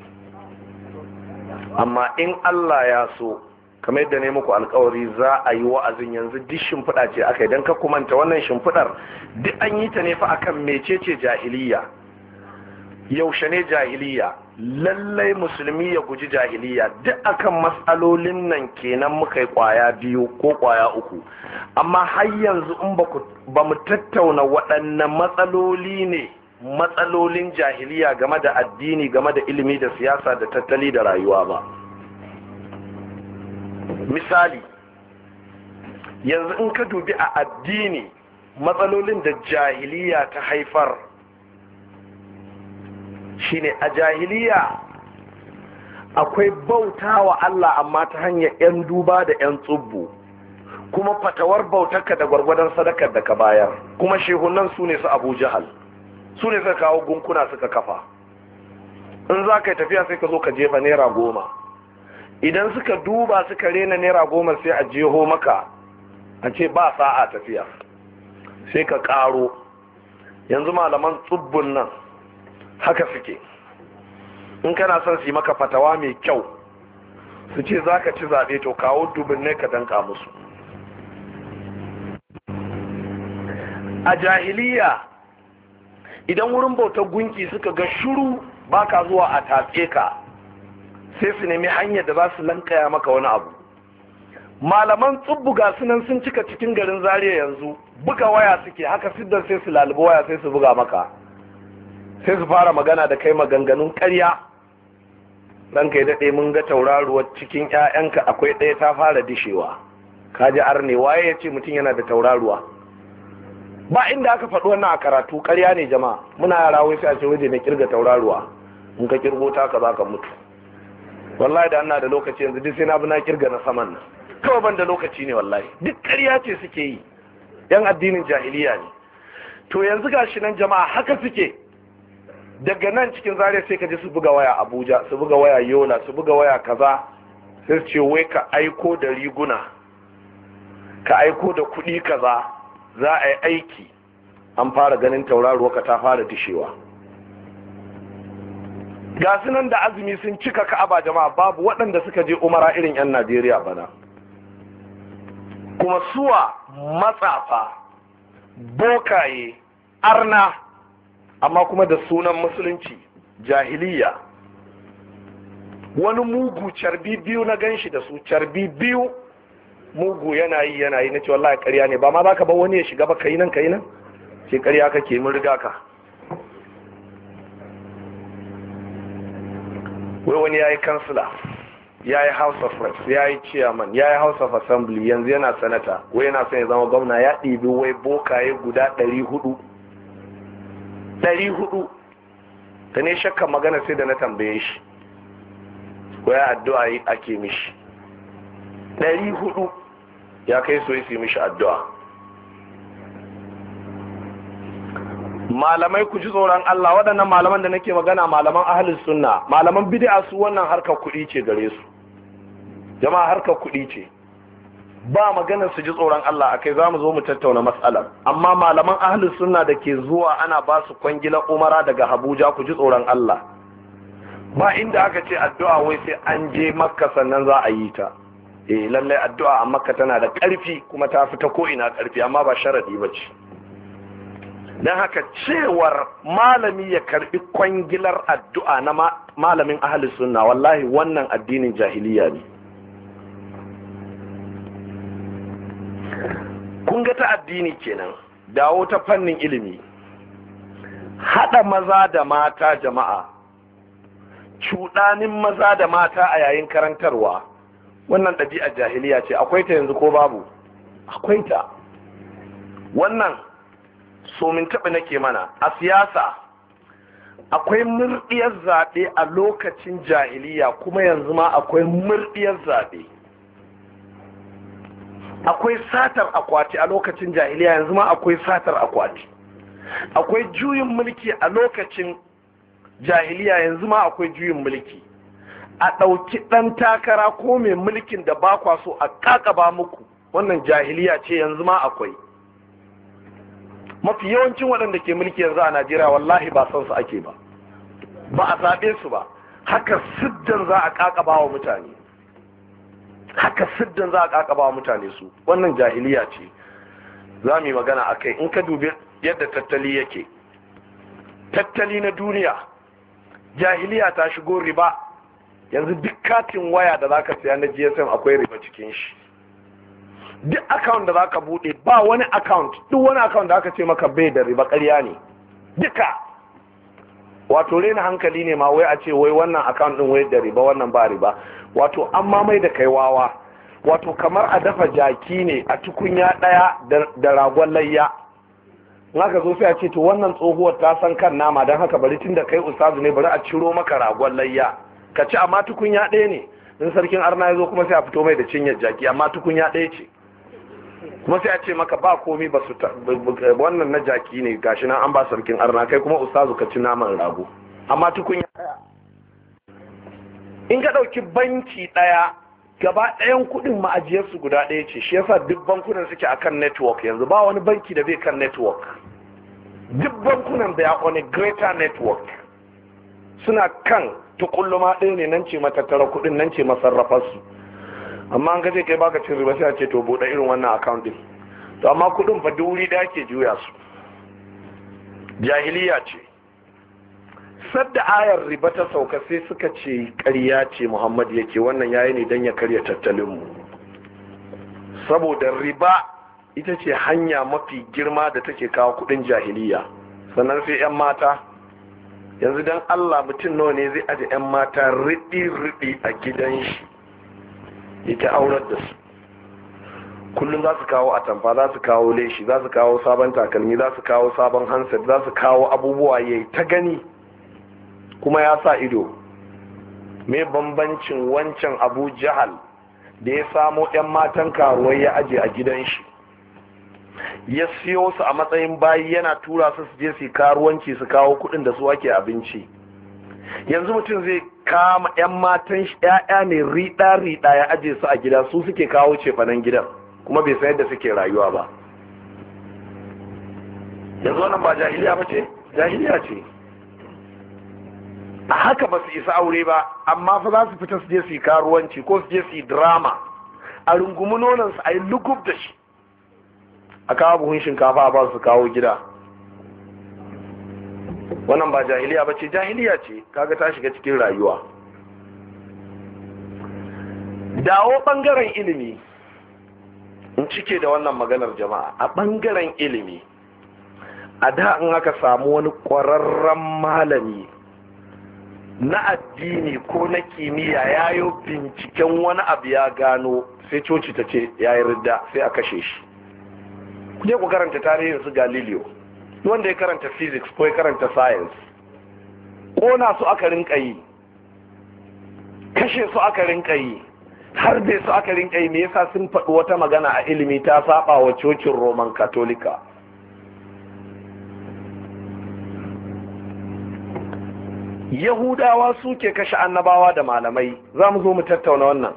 amma in Allah ya so kamar yadda ne muku alkawari za a yi wa'azin yanzu duk shimfiɗa ce aka yi don ka kumanta wannan shimfiɗar duk an yi ta nefa fa akan mecece jahiliya yaushe ne jahiliya lallai musulmi ya guji jahiliya duk akan matsalolin nan kenan muka yi kwaya biyu ko kwaya uku amma har yanzu in ba mu tattauna waɗannan matsaloli ne matsalolin jahiliya game da addini game da ilimi da siyasa da tattali da rayuwa ba misali yanzu in ka dubi a addini matsalolin da jahiliya ta haifar shine a jahiliya akwai bauta wa Allah amma ta hanyar 'yan duba da 'yan tsubbu kuma fatawar bautarka da gwargwadon sadakar da ka bayar kuma shehunan su ne su abu jihal su ne suka kawo gunkuna suka kafa in za ka yi tafiya sai ka zo ka jefa naira goma idan suka duba suka rena naira goma sai a jeho maka a ce ba sa'a tafiya sai ka karo yanzu malaman tsubbun nan haka suke in kana son su yi maka fatawa mai kyau su ce za ka ci zaɓe to kawo dubin ne ka danka musu a jahiliya idan wurin bautar gunki suka ga shuru baka zuwa a tafe ka sai su nemi hanyar da za su lankaya maka wani abu malaman ga sunan sun cika cikin garin zariya yanzu buga waya suke haka siddar sai su lalubi waya sai su buga maka sai su fara magana da kai maganganun karya. ɗan kai daɗe mun ga tauraruwar cikin 'ya'yanka akwai ɗaya ta fara dishewa ka ji arne waye ya ce mutum yana da tauraruwa ba inda aka faɗi wannan a karatu karya ne jama'a muna yara wai sai a ce waje mai kirga tauraruwa in ka kirgo ta ka ka mutu wallahi da ana da lokaci yanzu duk sai na bi na kirga na saman nan kawai ban da lokaci ne wallahi duk karya ce suke yi yan addinin jahiliya ne to yanzu gashi nan jama'a haka suke daga nan cikin zaria sai ka ji su buga waya abuja su buga waya Yona, su buga waya kaza sai ce wai ka aiko da riguna ka aiko da kuɗi kaza za a yi aiki an fara ganin tauraruwa ka ta fara dishewa ga nan da azumi sun cika ka ka'aba jama'a babu waɗanda suka je umara irin 'yan najeriya bana kuma suwa matsafa bokaye arna amma kuma da sunan musulunci jahiliya wani mugu carbi biyu na ganshi da su carbi biyu mugu yana yi yana yi na ce wallahi ƙarya ne ba ma za ka ba wani ya shiga ba ka yi nan ka yi nan ce ƙarya ke mun riga ka wai wani ya yi kansila ya yi house of reps ya yi chairman ya yi house of assembly yanzu yana sanata wai yana son ya zama gwamna ya ɗibi wai bokaye guda ɗari hudu ɗari hudu ta ne shakka magana sai da na tambaye shi waya addu'a yi ake mishi ɗari hudu ya kai so yi mishi addu'a malamai ku ji tsoron Allah waɗannan malaman da nake magana malaman ahalin sunna malaman bid'a su wannan harkar kuɗi ce gare su jama'a harkar kuɗi ce ba maganar su ji tsoron Allah akai za mu zo mu tattauna matsalar amma malaman ahlus sunna da ke zuwa ana ba su kwangilar umara daga Habuja ku ji tsoron Allah ba inda aka ce addu'a wai sai an je Makka sannan za a yi ta eh lallai addu'a a Makka tana da ƙarfi kuma ta fita ko ina ƙarfi amma ba sharadi ba ce don haka cewar malami ya karbi kwangilar addu'a na malamin ahlus sunna wallahi wannan addinin jahiliya ne kun ga ta addini kenan dawo ta fannin ilimi haɗa maza da mata jama'a cuɗanin maza da mata a yayin karantarwa wannan ɗabi'a jahiliya ce akwai ta yanzu ko babu akwai ta wannan somin taɓa nake mana a siyasa akwai murɗiyar zaɓe a lokacin jahiliya kuma yanzu ma akwai murɗiyar zaɓe akwai satar akwati a lokacin jahiliya yanzu ma akwai satar akwati akwai juyin mulki a lokacin jahiliya yanzu ma akwai juyin mulki a ɗauki ɗan takara ko mai mulkin da ba kwa so a ƙaƙaba muku wannan jahiliya ce yanzu ma akwai mafi yawancin waɗanda ke mulki yanzu a najeriya wallahi ba san su ake ba ba a zaɓe su ba haka siddan za a ƙaƙaba wa mutane haka siddan za a kakaba mutane su wannan jahiliya ce za mu yi magana a kai in ka dubi yadda tattali yake tattali na duniya jahiliya ta shigo riba yanzu duk katin waya da za ka siya na gsm akwai riba cikin shi duk account da za ka buɗe ba wani account duk wani account da aka ce maka bai da riba ƙarya ne duka wato rena hankali ne ma wai a ce wai wannan akawun din wai da riba wannan ba riba wato an mamai da kai wawa wato kamar a dafa jaki ne a tukunya daya da ragon layya naka zo sai a ce to wannan tsohuwar ta san kan nama don haka bari tun da kai ustazu ne bari a ciro maka ragon layya ka ci amma tukunya daya ne in sarkin arna ya zo kuma sai a fito mai da cinyar jaki amma tukunya daya ce kuma sai a ce maka ba komi ba su wannan na jaki ne gashi na an ba sarkin arna kai kuma ustazu ka ci naman rago amma tukun ya in ka ɗauki banki ɗaya gaba ɗayan kuɗin ma'ajiyarsu guda ɗaya ce shi yasa duk bankunan suke akan network yanzu ba wani banki da bai kan network duk bankunan da ya on greater network suna kan tukulluma ɗin ne nan ce matattara kuɗin nan ce masarrafarsu amma an kaje kai baka cin riba sai a ce to buɗe irin wannan account din to amma kuɗin fa duri da ake juya su jahiliya ce sadda ayar riba ta sauka sai suka ce ƙarya ce muhammad yake wannan yayi ne don ya karya tattalin mu saboda riba ita ce hanya mafi girma da take kawo kuɗin jahiliya sannan sai 'yan mata yanzu dan allah mutum nawa ne zai aje 'yan mata riɗi-riɗi a gidan shi ya aurar da su kullum za su kawo atamfa za su kawo leshi za su kawo sabon takalmi za su kawo sabon hansar, za su kawo abubuwa ya ta gani kuma ya sa ido mai bambancin wancan abu jahal da ya samo 'yan matan karuwai ya aje a gidan shi ya siyo su a matsayin bayi yana tura su su je su karuwanci su kawo kudin da su ake abinci yanzu mutum zai kama 'yan matan ya'ya ne rida-rida ya aje su a gida su suke kawo cefanen gidan kuma bai san yadda suke rayuwa ba yanzu wannan ba jahiliya ba ce jahiliya ce a haka ba su isa aure ba amma fa za su fita su je su yi karuwanci ko su je su yi drama a rungumi nonansu a yi lugub da shi a kawo buhun shinkafa a ba su kawo gida wannan ba jahiliya ba ce jahiliya ce kaga ta shiga cikin rayuwa dawo bangaren ilimi in cike da wannan maganar jama'a a bangaren ilimi a da in aka samu wani ƙwararren malami na addini ko na kimiyya ya yi binciken wani abu ya gano sai coci ta ce ya yi ridda sai a kashe shi kuje ku karanta tarihin su galileo wanda ya karanta physics ko ya karanta science na su aka rinka yi kashe su aka rinka yi har bai su aka rinka yi me yasa sun faɗi wata magana a ilimi ta saba wa cocin roman katolika yahudawa suke kashe annabawa da malamai za mu zo mu tattauna wannan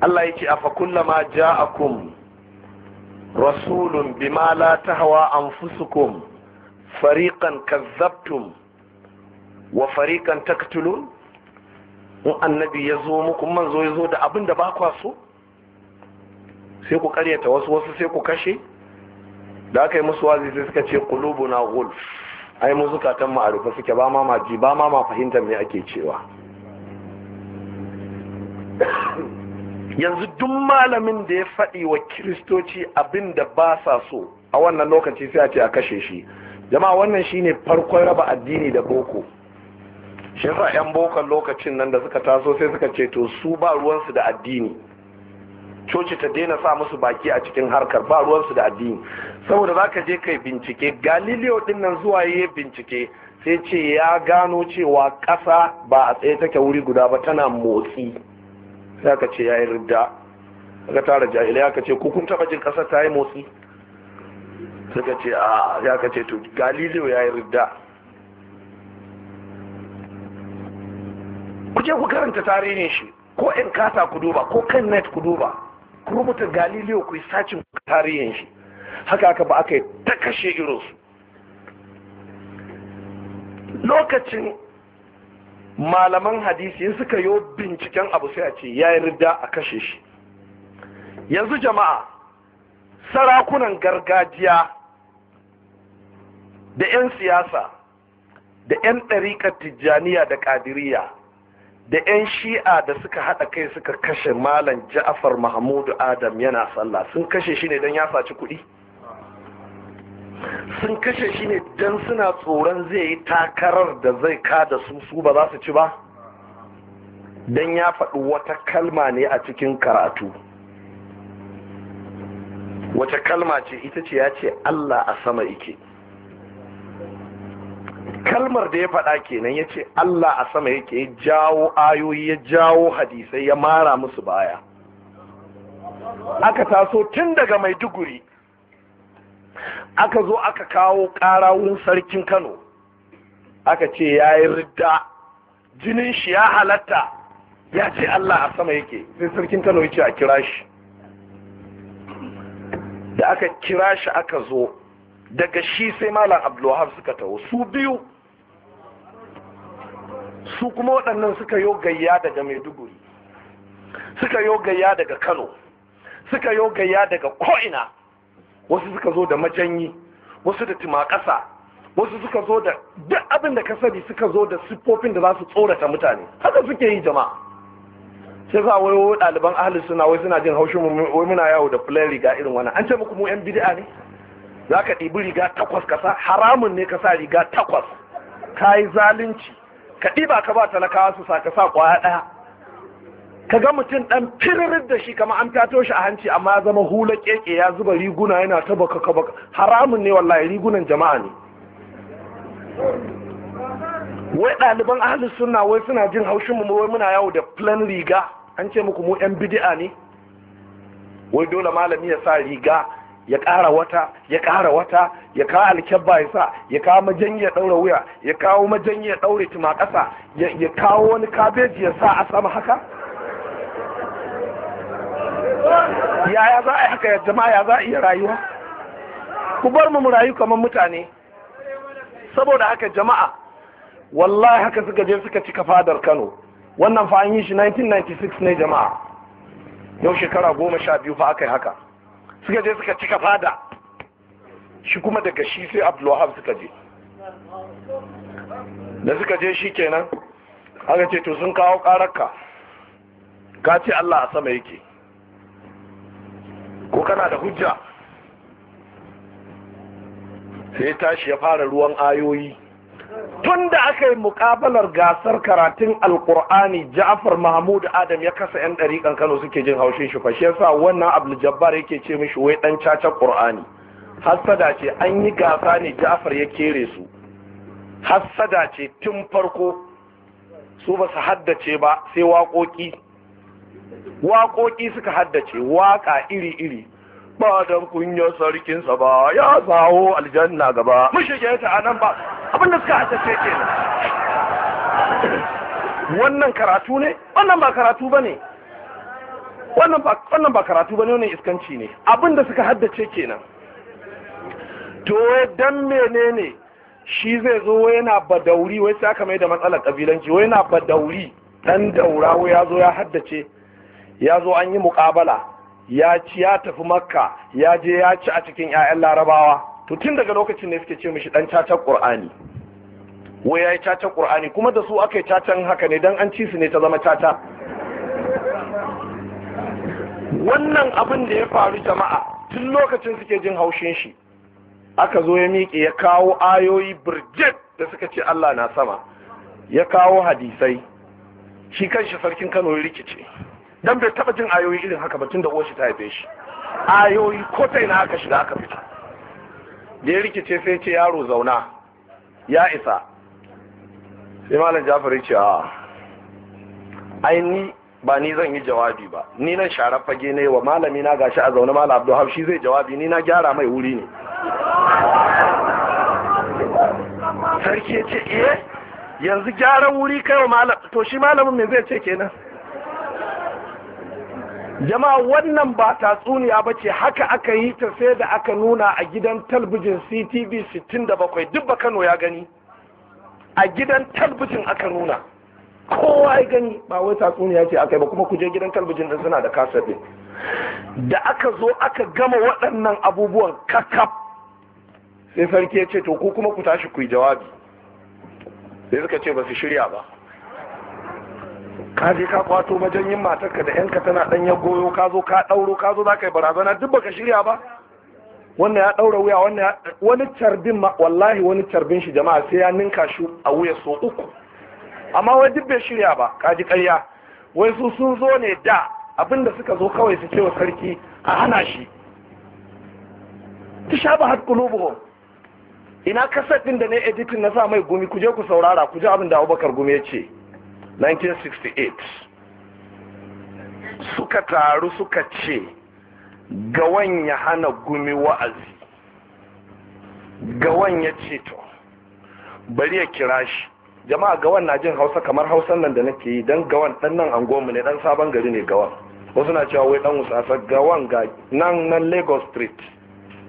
Allah ya ce a fakullama ja'akum rasulun bima la tahwa anfusukum fariqan kazzabtum wa fariqan taktulun in annabi yazo zo muku manzo ya zo da abin da ba kwa so sai ku karyata wasu wasu sai ku kashe da aka yi musu wazi sai suka ce qulubuna gulf ai mu zukatan mu a rufe suke ba ma maji ba ma ma fahimtar me ake cewa yanzu duk malamin da ya faɗi wa kiristoci abin da ba sa so a wannan lokaci sai a ce a kashe shi jama'a wannan shine farkon raba addini da boko shi yasa yan bokon lokacin nan da suka taso sai suka ce to su ba ruwansu da addini coci ta daina sa musu baki a cikin harkar ba ruwansu da addini saboda za ka je kai bincike galileo din nan zuwa ya bincike sai ce ya gano cewa ƙasa ba a tsaye take wuri guda ba tana motsi sai aka ce ya yi ridda aka tara jahilai aka ce ko kun taba jin kasar ta yi motsi suka ce a ya ka ce to galileo ya yi ridda ku je ku karanta tarihin shi ko in kasa ku duba ko kan net ku duba ku rubuta galileo ku yi sacin tarihin shi haka aka ba aka yi ta kashe irinsu lokacin malaman hadisi suka yo binciken abu sai a ce ya yi rida a kashe shi yanzu jama'a sarakunan gargajiya da 'yan siyasa da 'yan ɗariƙar tijjaniya da ƙadiriya da 'yan shi'a da suka haɗa kai suka kashe malam ja'afar mahmudu adam yana sallah sun kashe shi ne don ya saci kuɗi sun kashe shi ne don suna tsoron zai yi takarar da zai kada su su ba za su ci ba don ya faɗi wata kalma ne a cikin karatu wata kalma ce ita ce ya ce Allah a sama ike kalmar da ya faɗa kenan ya ce Allah a sama yake ya jawo ayoyi ya jawo hadisai ya mara musu baya aka taso tun daga maiduguri aka zo aka kawo ƙara wurin sarkin kano aka ce ya yi ridda jinin shi ya halatta ya ce allah a sama yake sai sarkin kano ya ce a kira shi da aka kira shi aka zo daga shi sai malam abdulwahab suka taho su biyu su kuma waɗannan suka yi gayya daga maiduguri suka yi gayya daga kano suka yi gayya daga ko'ina wasu suka zo da majanyi wasu da tumakasa wasu suka zo da duk abin da ka sani suka zo da siffofin da za su tsorata mutane haka suke yi jama'a sai za wai wa ɗaliban ahli suna wai suna jin haushin wai muna yawo da fulan riga irin wannan an ce muku mu yan bid'a ne za ka ɗibi riga takwas ka sa haramun ne ka sa riga takwas ka yi zalunci ka ɗiba ka ba talakawa su sa ka sa ƙwaya ɗaya ka ga mutum ɗan firirar da shi kama an fyato shi a hanci amma ya zama hula keke ya zuba riguna yana ta baka baka haramun ne ya rigunan jama'a ne wai ɗaliban ahalus sunna wai suna jin haushin mu wai muna yawo da plan riga an ce muku mu yan bidi'a ne wai dole malami ya sa riga ya kara wata ya ƙara wata ya kawo alkyabba ya sa ya kawo majanyi ya ɗaura wuya ya kawo majanyi ya ɗaure tuma ya kawo wani kabeji ya sa a sama haka yaya za a haka jama'a ya za a iya rayuwa ku bar mu rayu kamar mutane saboda haka jama'a wallahi haka suka je suka cika fadar kano wannan fa an yi shi 1996 ne jama'a yau shekara goma sha biyu fa aka yi haka suka je suka cika fada shi kuma daga shi sai abdullahab suka je da suka je shi kenan aka ce to sun kawo ƙararka ka ce allah a sama yake kana da hujja sai tashi ya fara ruwan ayoyi tun da aka yi mukabalar gasar karatun alkur'ani ja'afar mahmud adam ya kasa 'yan ɗariƙan kano suke jin haushin shi fashe yasa wannan abu jabbar yake ce mishi wai ɗan caca ƙur'ani hassada ce an yi gasa ne ja'afar ya kere su hassada ce tun farko su ba su haddace ba sai waƙoƙi waƙoƙi suka haddace waƙa iri-iri ba dan kunyar sarkinsa ba ya zawo aljanna gaba mun shige ta anan ba abin da suka asace kenan wannan karatu ne wannan ba karatu bane wannan ba wannan ba karatu bane wannan iskanci ne abin da suka haddace kenan to dan menene shi zai zo yana badauri wai sai aka mai da matsalar kabilanci wai yana badauri dan daura ya zo ya haddace ya zo an yi muƙabala ya ci ya tafi makka ya je ya ci a cikin 'ya'yan larabawa to tun daga lokacin ne suke ce mishi dan cacar qur'ani wai yayi cacar qur'ani kuma da su aka yi cacan haka ne dan an ci su ne ta zama caca wannan abin da ya faru jama'a tun lokacin suke jin haushin shi aka zo ya miƙe ya kawo ayoyi birjit da suka ce Allah na sama ya kawo hadisai shi kanshi sarkin Kano ya rikice dan bai taba jin ayoyi irin haka ba tunda uwar shi ta haife shi ayoyi ko ta ina aka shiga aka fita da ya rikice sai ce yaro zauna ya isa sai malam jafari ce a ai ni ba ni zan yi jawabi ba ni nan sharar fage ne wa malami na gashi a zaune malam abdu shi zai jawabi ni na gyara mai wuri ne sarki ce eh yanzu gyaran wuri kai wa malam to shi malamin me zai ce kenan jama'a wannan ba tatsuniya ba ce haka aka yi ta sai da aka nuna a gidan talbijin ctv 67 duk ba kano ya gani a gidan talbijin aka nuna kowa ya gani ba wai tatsuniya ce aka yi ba kuma kuje gidan talbijin din suna da kasafi da aka zo aka gama waɗannan abubuwan kakaf sai sarki ya ce to ku kuma ku tashi ku yi jawabi sai suka ce ba su shirya ba ka je ka kwato majanyin matarka da yanka tana ɗanya goyo ka zo ka ɗauro ka zo za ka yi barazana duk baka shirya ba wannan ya ɗaura wuya wannan wani ma wallahi wani carbin shi jama'a sai ya ninka shi a wuya so uku amma wai duk bai shirya ba ka ji ƙarya wai su sun zo ne da abinda suka zo kawai su ce wa sarki a hana shi kulubu qulubuhum ina kasar ɗin da na editin na sa mai gumi ku je ku saurara ku ji abin da Abubakar gumi ya ce 1968 suka taru suka ce gawan ya hana gumi wa'azi gawan ya ce to bari ya kira shi jama'a gawan na jin hausa kamar hausan nan da nake yi don gawan ɗannan angonmu ne ɗan sabon gari ne gawan wasu na cewa wai dan wusasa gawan ga nan na lagos street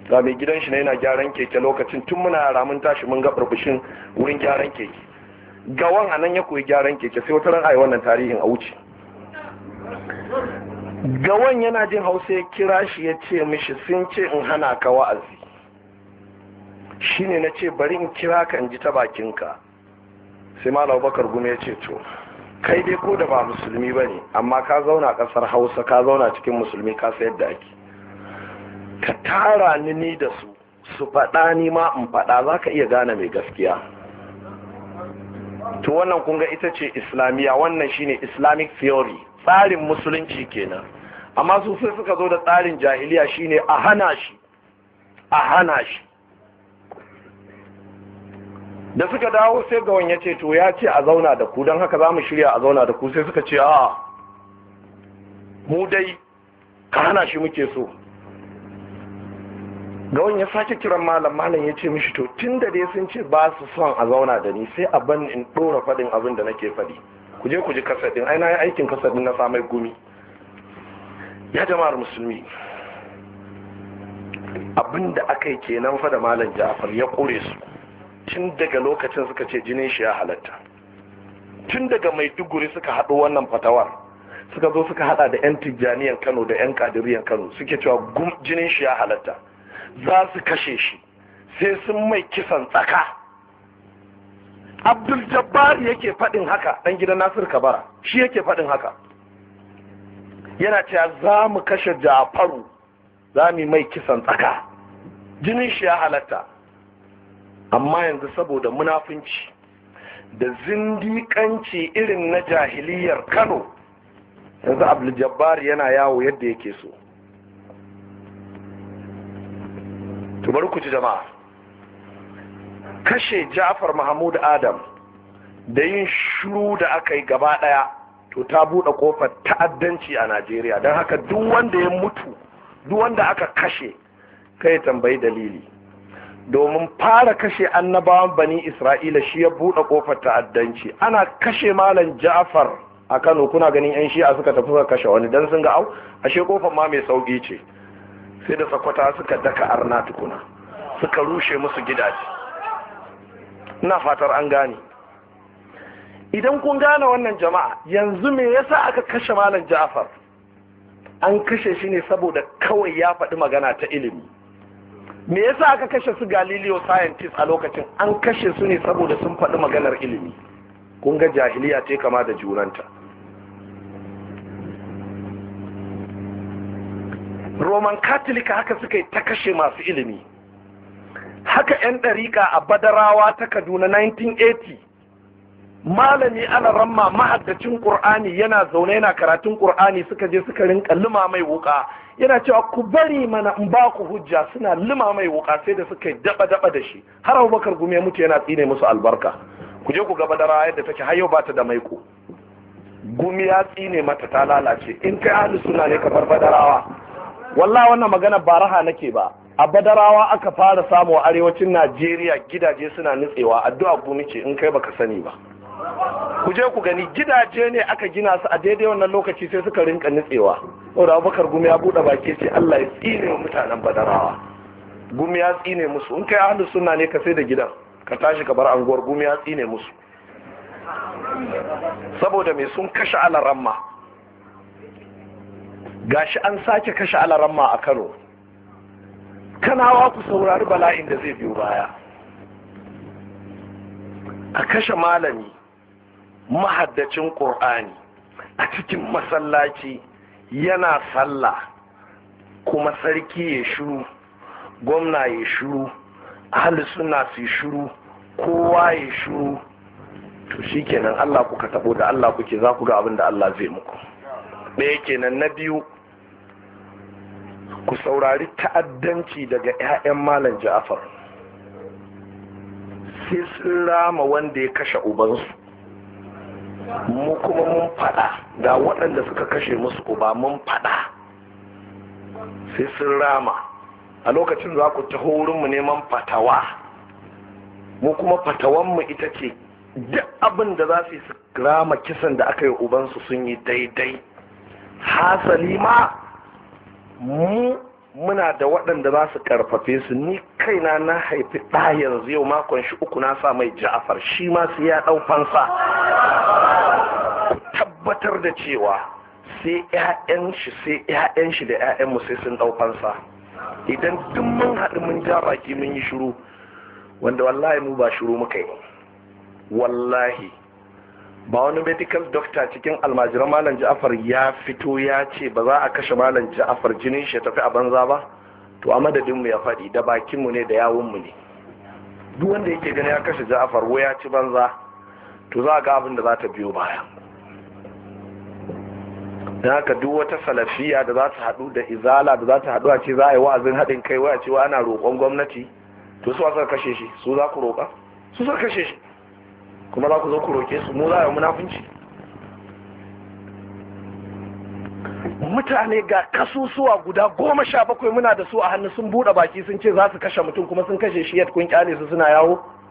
ga mai gidan shi ne yana gyaran keke lokacin tun muna yara mun tashi mun ga burbushin wurin gyaran keke gawan a nan ya koyi gyaran keke sai wata ran wannan tarihin a wuce gawan yana jin hausa ya kira shi ya ce mishi sun ce in hana ka wa'azi Shi ne na ce bari in kira ka in ji ta bakinka sai malam bakar gume ya ce to kai dai ko da ba musulmi ba ne amma ka zauna kasar hausa ka zauna cikin musulmi ka sayar yadda ake ka tara ni ni da su su faɗa ni ma in faɗa za ka iya gane mai gaskiya to wannan kun ga ita ce islamiyya wannan shine islamic theory tsarin musulunci kenan amma su sai suka zo da tsarin jahiliya shine a hana shi a hana shi da suka dawo sai gawan wani yace to ya ce a zauna da ku don haka zamu shirya a zauna da ku sai suka ce a mu dai ka hana shi muke so Ga wani ya sake kiran malam malam ya ce mishi to tun da dai sun ce ba su son a zauna da ni sai a ban in ɗora faɗin abin da nake faɗi ku je ku ji kasadin ai na yi aikin kasadin na samai gumi ya jama'ar musulmi abin da aka yi kenan fa da malam ja'afar ya ƙure su tun daga lokacin suka ce jinin shi ya halatta tun daga maiduguri suka haɗu wannan fatawar suka zo suka haɗa da 'yan tijjaniyan kano da 'yan kadiriyan kano suke cewa jinin shi ya halatta za su kashe shi sai sun mai kisan tsaka abdul jabbar yake faɗin haka ɗan gidan nasir kabara shi yake faɗin haka yana cewa za mu kashe jafaru za mu mai kisan tsaka jinin shi ya halatta amma yanzu saboda munafunci da zindikanci irin na jahiliyar kano yanzu abdul jabbar yana yawo yadda yake so bari ku ji jama'a kashe ja'far mahmud adam da yin shiru da aka yi gaba daya to ta bude kofar ta'addanci a najeriya don haka duk wanda ya mutu duk wanda aka kashe kai tambayi dalili domin fara kashe annabawan bani isra'ila shi ya bude kofar ta'addanci ana kashe malam ja'far a kano kuna ganin yan shi'a suka tafi suka kashe wani dan sun ga au ashe kofar ma mai sauki ce sai da sakwata suka daka arna tukuna suka rushe musu gidaje ina fatar an gane idan kun gane wannan jama'a yanzu me yasa aka kashe malam ja'far an kashe shi ne saboda kawai ya faɗi magana ta ilimi me yasa aka kashe su galileo scientist a lokacin an kashe su ne saboda sun faɗi maganar ilimi kun ga jahiliya yi kama da junanta roman katolika haka suka yi ta kashe masu ilimi haka 'yan ɗariƙa a badarawa ta kaduna 1980 malami ana ramma mahaddacin ƙur'ani yana zaune yana karatun ƙur'ani suka je suka rinka lima mai wuka yana cewa ku bari mana in ba ku hujja suna lima mai wuka sai da suka yi daɓa-daɓa da shi har abubakar gumi mutu yana tsine musu albarka kuje ku ga badarawa yadda take har yau ba ta da maiko gumi ya tsine mata ta lalace in kai ahli suna ne kamar badarawa Walla wannan magana ba raha nake ba a badarawa aka fara samu a arewacin najeriya gidaje suna nutsewa addu'a ku ce in kai baka sani ba ku je ku gani gidaje ne aka gina su a daidai wannan lokaci sai suka rinka nutsewa saboda abubakar gumi ya buɗe baki ce allah ya tsine mutanen badarawa gumi ya tsine musu in kai ahlus sunna ne ka sai da gidan ka tashi ka bar anguwar gumi ya tsine musu saboda me sun kashe alaramma gashi an sake kashe alaramma a kano kanawa ku saurari bala'in da zai biyo baya a kashe malami mahaddacin ƙur'ani a cikin masallaci yana sallah kuma sarki ya shuru gwamna ya shuru suna su shuru kowa ya shuru to shikenan allah kuka tabo da allah kuke za ku ga abin da allah zai muku ɗaya kenan na biyu ku saurari ta'addanci daga 'ya'yan malam ja'afar sai sun rama wanda ya kashe ubansu mu kuma mun fada da waɗanda suka kashe musu uba mun fada sai sun rama a lokacin za ku taho wurinmu neman fatawa mu kuma fatawanmu ita ce duk abin da za su rama kisan da aka yi ubansu sun yi daidai hasali ma mu muna da waɗanda za su karfafe su ni kaina na haifi ɗa yanzu yau makon shi uku na sa mai ja'afar shi ma su ya ɗau fansa ku tabbatar da cewa sai 'ya'yan shi sai 'ya'yan shi da 'ya'yan mu sai sun ɗau fansa idan duk mun haɗu mun ja baki mun yi shiru wanda wallahi mu ba shiru muka yi wallahi ba wani medical doctor cikin almajiran malam ja'afar ya fito ya ce ba za a kashe malam ja'afar jinin shi tafi a banza ba to a madadinmu ya faɗi da bakinmu ne da yawunmu ne duk wanda yake gani ya kashe ja'afar wai ya ci banza to za a ga abin da za ta biyo baya don haka duk wata salafiya da za ta haɗu da izala da za ta haɗu a ce za a yi wa'azin haɗin kai waya cewa ana roƙon gwamnati to su ka kashe shi su za ku roƙa su ka kashe shi kuma za ku zo ku roke su mu za a munafunci mutane ga kasusuwa guda goma sha bakwai muna da su a hannu sun buɗe baki sun ce za su kashe mutum kuma sun kashe shi yadda kun kyale su suna yawo